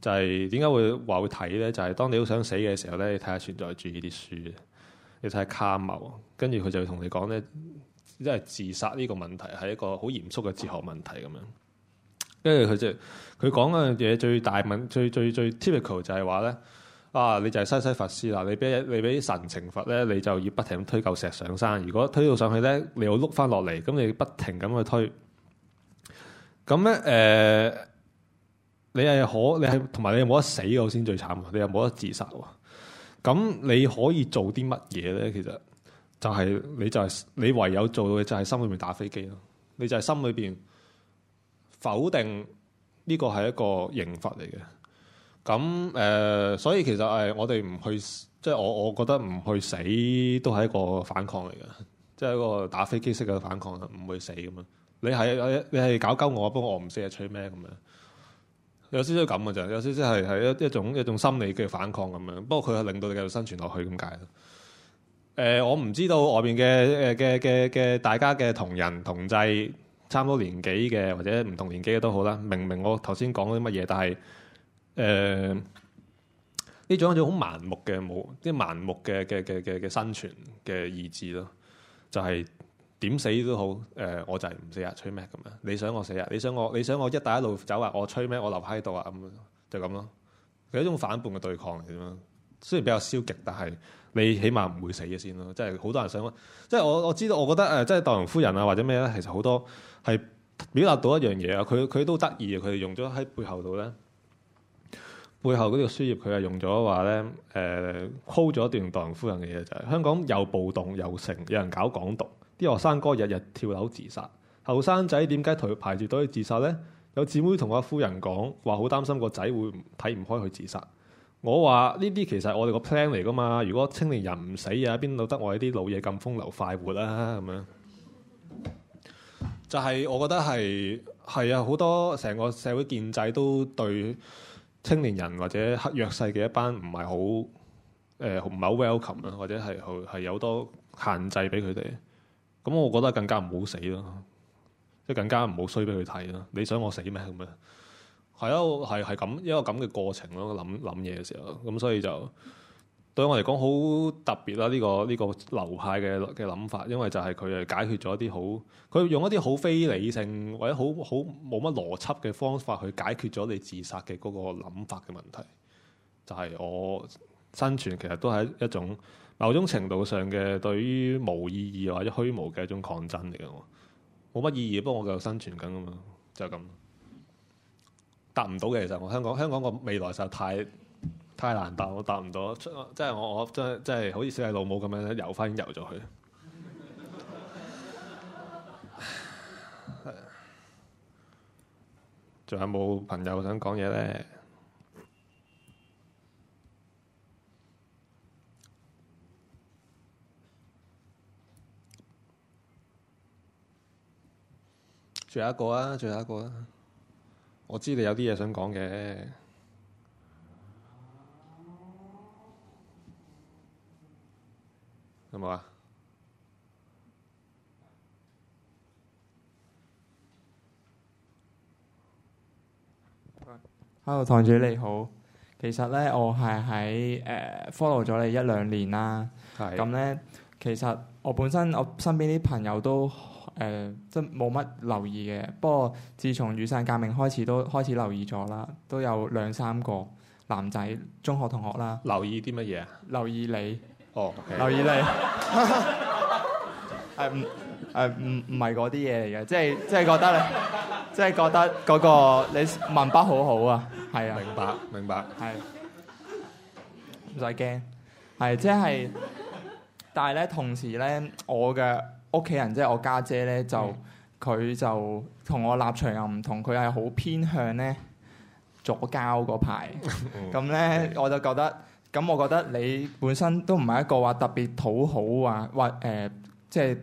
就係點解會話會睇呢？就係、是、當你好想死嘅時候呢，你睇下存在主義啲書，你睇下卡繆，跟住佢就同你講呢，因為自殺呢個問題係一個好嚴肅嘅哲學問題咁樣。跟住佢就佢講嘅嘢最大問最最最 typical 就係話呢。啊！你就係西西佛師啦，你俾你俾神懲罰咧，你就要不停咁推嚿石上山。如果推到上去咧，你要碌翻落嚟，咁你不停咁去推。咁咧誒，你係可你係同埋你冇得死我先最慘，你又冇得自殺喎。咁你可以做啲乜嘢咧？其實就係你就係、是、你唯有做到嘅就係心裏面打飛機咯。你就係心裏面否定呢個係一個刑罰嚟嘅。咁誒、呃，所以其實誒，我哋唔去即係我，我覺得唔去死都係一個反抗嚟嘅，即係一個打飛機式嘅反抗，唔會死咁樣。你係你你係搞鳩我，我不過我唔識係取咩咁樣。有少少咁嘅啫，有少少係係一一種一種心理嘅反抗咁樣。不過佢係令到你繼續生存落去咁解。誒、呃，我唔知道外邊嘅誒嘅嘅嘅大家嘅同人同際差唔多年紀嘅或者唔同年紀嘅都好啦。明明我頭先講啲乜嘢，但係。誒，呢、呃、種有種好盲目嘅冇啲盲目嘅嘅嘅嘅嘅生存嘅意志咯，就係、是、點死都好，誒、呃，我就係唔死啊！吹咩咁樣？你想我死啊？你想我？你想我，你想我一帶一路走啊？我吹咩？我留喺度啊？咁、嗯、就咁、是、咯，係一種反叛嘅對抗嚟嘅啫嘛。雖然比較消極，但係你起碼唔會死嘅先咯。即係好多人想，即係我我知道，我覺得誒，即係黛玉夫人啊，或者咩咧，其實好多係表達到一樣嘢啊。佢佢都得意啊，佢哋用咗喺背後度咧。背後嗰啲個書頁，佢係用咗話咧，誒，call 咗一段鄧夫人嘅嘢就係香港又暴動又盛，有人搞港獨，啲學生哥日日跳樓自殺，後生仔點解排住隊自殺呢？有姊妹同阿夫人講話，好擔心個仔會睇唔開佢自殺。我話呢啲其實我哋個 plan 嚟噶嘛，如果青年人唔死啊，邊度得我啲老嘢咁風流快活啦，啊？咁樣就係我覺得係係啊，好多成個社會建制都對。青年人或者黑弱勢嘅一班唔係好誒唔係好 welcome 啦，或者係係、呃、有好多限制俾佢哋。咁我覺得更加唔好死咯，即係更加唔好衰俾佢睇咯。你想我死咩咁啊？係啊，係係咁一個咁嘅過程咯。諗諗嘢嘅時候，咁所以就。對我嚟講好特別啦！呢、這個呢、這個流派嘅嘅諗法，因為就係佢係解決咗一啲好，佢用一啲好非理性或者好好冇乜邏輯嘅方法去解決咗你自殺嘅嗰個諗法嘅問題。就係、是、我生存其實都係一種某種程度上嘅對於無意義或者虛無嘅一種抗爭嚟嘅。冇乜意義，不過我繼續生存緊啊嘛，就係、是、咁。達唔到嘅，其實我香港香港個未來實在太～太難答，我答唔到。即係我，我即係即係，好似小細老母咁樣遊翻遊咗去了。仲 有冇朋友想講嘢咧？最後一個啊，最後一個啊！我知你有啲嘢想講嘅。Hello 堂主你好。其實咧，我係喺 follow 咗你一兩年啦。咁咧係，其實我本身我身邊啲朋友都誒即冇乜留意嘅。不過自從雨傘革命開始，都開始留意咗啦。都有兩三個男仔中學同學啦。留意啲乜嘢啊？留意你。哦，oh, okay. 留意你 ，係唔係唔唔係嗰啲嘢嚟嘅，即係即係覺得你，即、就、係、是、覺得嗰、那個你文筆好好啊，係啊明，明白明白，係唔使驚，係即係，但係咧同時咧，我嘅屋企人即係我家姐咧，就佢、是、就同、mm. 我立場又唔同，佢係好偏向咧左膠嗰排，咁咧、mm. Okay. 我就覺得。咁我覺得你本身都唔係一個話特別討好啊，或誒、呃、即係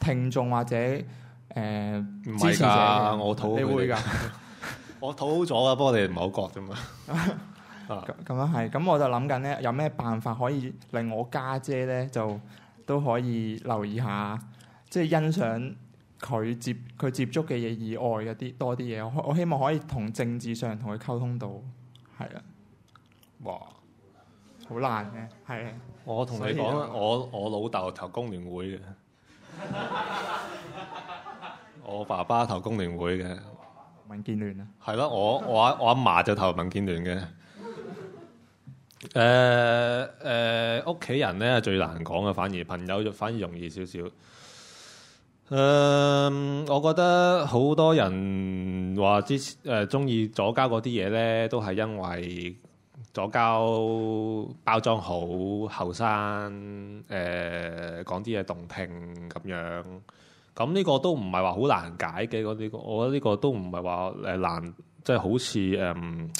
聽眾或者唔、呃、支持者，我討好你會噶？我討好咗噶，不過你唔係好覺啫嘛。咁樣係，咁我就諗緊咧，有咩辦法可以令我家姐咧就都可以留意下，即係欣賞佢接佢接觸嘅嘢以外嘅啲多啲嘢。我我希望可以同政治上同佢溝通到，係啊，哇！好難嘅，係我同你講以，我我老豆投工聯會嘅， 我爸爸投工聯會嘅，民建聯啊，係咯，我我我阿嫲就投民建聯嘅、 呃。誒、呃、誒，屋企人咧最難講啊，反而朋友就反而容易少少。嗯、呃，我覺得好多人話之前誒中意左膠嗰啲嘢咧，都係因為，左膠包裝好後生，誒、呃、講啲嘢動聽咁樣，咁呢個都唔係話好難解嘅。啲、這個、我覺得呢個都唔係話誒難，即、就、係、是、好似誒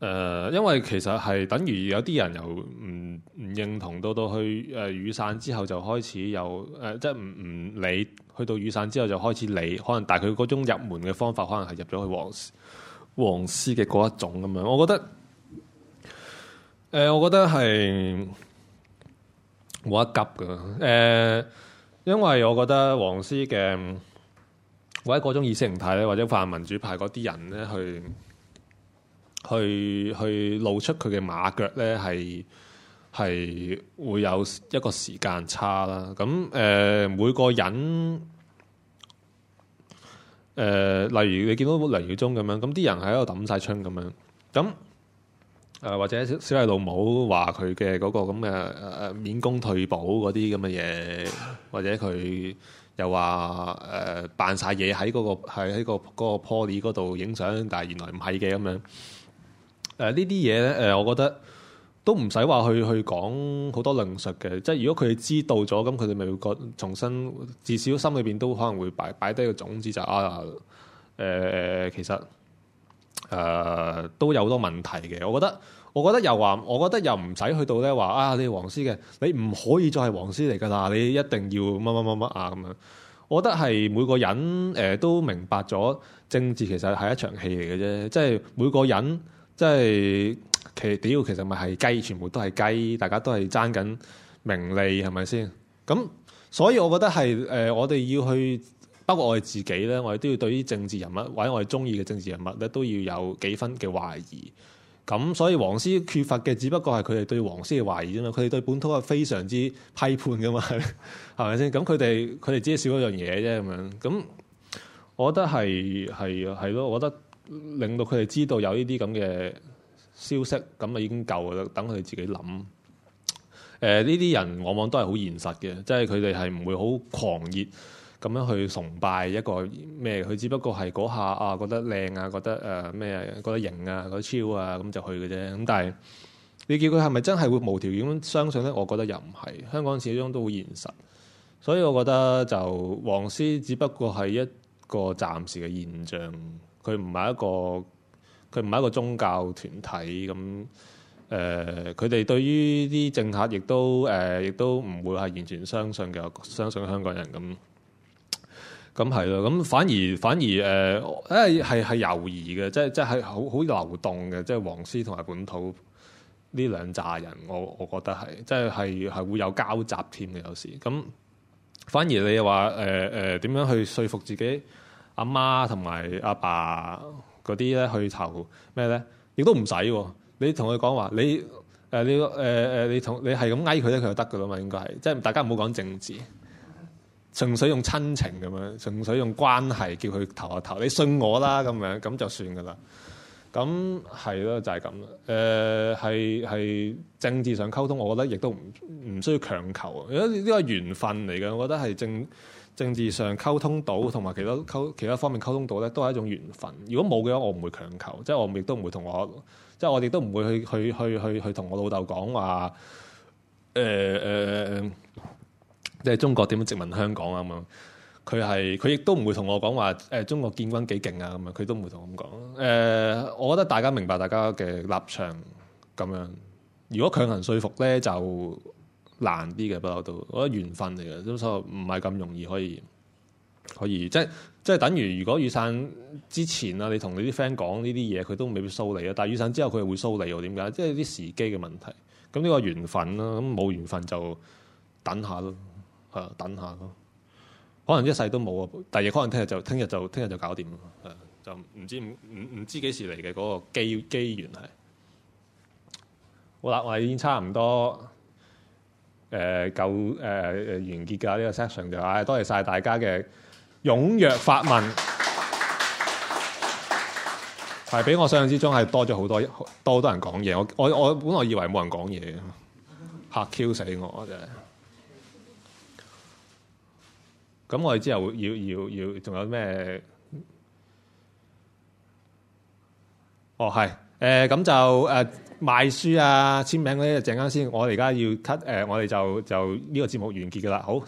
誒，因為其實係等於有啲人又唔唔認同到到去誒、呃、雨傘之後就開始有誒，即係唔唔理，去到雨傘之後就開始理，可能但係佢嗰種入門嘅方法，可能係入咗去黃。黃絲嘅嗰一種咁樣，我覺得，誒、呃，我覺得係冇得急噶，誒、呃，因為我覺得黃絲嘅或者嗰種意識形態咧，或者泛民主派嗰啲人咧，去去去露出佢嘅馬腳咧，係係會有一個時間差啦。咁誒、呃，每個人。誒、呃，例如你見到梁耀忠咁樣，咁啲人喺度揼晒春咁樣，咁誒、呃、或者小麗老母話佢嘅嗰個咁嘅誒誒免工退保嗰啲咁嘅嘢，或者佢又話誒扮晒嘢喺嗰個喺喺、嗰個嗰個 poly 嗰度影相，但係原來唔係嘅咁樣，誒、呃、呢啲嘢咧，誒、呃、我覺得。都唔使話去去講好多論述嘅，即係如果佢哋知道咗，咁佢哋咪會覺重新至少心裏邊都可能會擺擺低個種子、就係，就啊誒、呃呃、其實誒、呃、都有好多問題嘅。我覺得我覺得又話，我覺得又唔使去到咧話啊，你係黃絲嘅，你唔可以再係黃絲嚟㗎啦，你一定要乜乜乜乜啊咁樣、啊。我覺得係每個人誒、呃、都明白咗政治其實係一場戲嚟嘅啫，即係每個人即係。其屌其實咪係雞，全部都係雞，大家都係爭緊名利，係咪先？咁所以我覺得係誒、呃，我哋要去，包括我哋自己咧，我哋都要對於政治人物，或者我哋中意嘅政治人物咧，都要有幾分嘅懷疑。咁所以黃絲缺乏嘅，只不過係佢哋對黃絲嘅懷疑啫嘛。佢哋對本土係非常之批判噶嘛，係咪先？咁佢哋佢哋只係少一樣嘢啫咁樣。咁我覺得係係係咯，我覺得令到佢哋知道有呢啲咁嘅。消息咁啊已經夠啦，等佢哋自己諗。誒呢啲人往往都係好現實嘅，即係佢哋係唔會好狂熱咁樣去崇拜一個咩，佢只不過係嗰下啊覺得靚啊，覺得誒咩，覺得型啊，覺得超、呃、啊咁、啊、就去嘅啫。咁但係你叫佢係咪真係會無條件咁相信呢？我覺得又唔係。香港始終都好現實，所以我覺得就黃絲只不過係一個暫時嘅現象，佢唔係一個。佢唔係一個宗教團體咁，誒，佢、呃、哋對於啲政客亦都誒，亦、呃、都唔會係完全相信嘅，相信香港人咁，咁係咯，咁、啊、反而反而誒，誒係係猶豫嘅，即係即係好好流動嘅，即係黃絲同埋本土呢兩扎人，我我覺得係，即係係係會有交集添嘅有時，咁反而你又話誒誒點樣去說服自己阿媽同埋阿爸？嗰啲咧去投咩咧，亦都唔使喎。你同佢講話，你誒你誒誒，你同你係咁嗌佢咧，佢就得噶啦嘛。應該係，即係大家唔好講政治，純粹用親情咁樣，純粹用關係叫佢投下投，你信我啦咁樣，咁就算噶啦。咁係咯，就係咁啦。誒係係政治上溝通，我覺得亦都唔唔需要強求，因為呢個緣分嚟嘅，我覺得係正。政治上溝通到，同埋其他溝其他方面溝通到呢都係一種緣分。如果冇嘅話，我唔會強求，即係我亦都唔會同我，即係我哋都唔會去去去去同我老豆講話。誒、呃、誒、呃，即係中國點樣殖民香港啊咁樣。佢係佢亦都唔會同我講話誒，中國建軍幾勁啊咁樣。佢都唔會同我咁講。誒、呃，我覺得大家明白大家嘅立場咁樣。如果強行說服呢，就～難啲嘅不嬲都，我覺得緣分嚟嘅，咁所以唔係咁容易可以可以，即即係等於如果雨傘之前啊，你同你啲 friend 講呢啲嘢，佢都未必收你啊。但係雨傘之後，佢又會收你喎。點解？即係啲時機嘅問題。咁呢個緣分咯，咁冇緣分就等下咯，係啊，等下咯。可能一世都冇啊，第二可能聽日就聽日就聽日就，就搞掂啦，係啊，就唔知唔唔知幾時嚟嘅嗰個機機緣係。好啦，我哋已經差唔多。誒、呃、夠誒誒、呃呃、完結㗎，呢個 section 就係多謝晒大家嘅踴躍發問，係 比我想像之中係多咗好多多好多人講嘢。我我我本來以為冇人講嘢，嚇 Q 死我真係。咁我哋之後要要要仲有咩？哦，係誒咁就誒。呃賣書啊，簽名嗰啲，一陣間先。我哋而家要 cut，誒，我哋就就呢個節目完結㗎啦。好。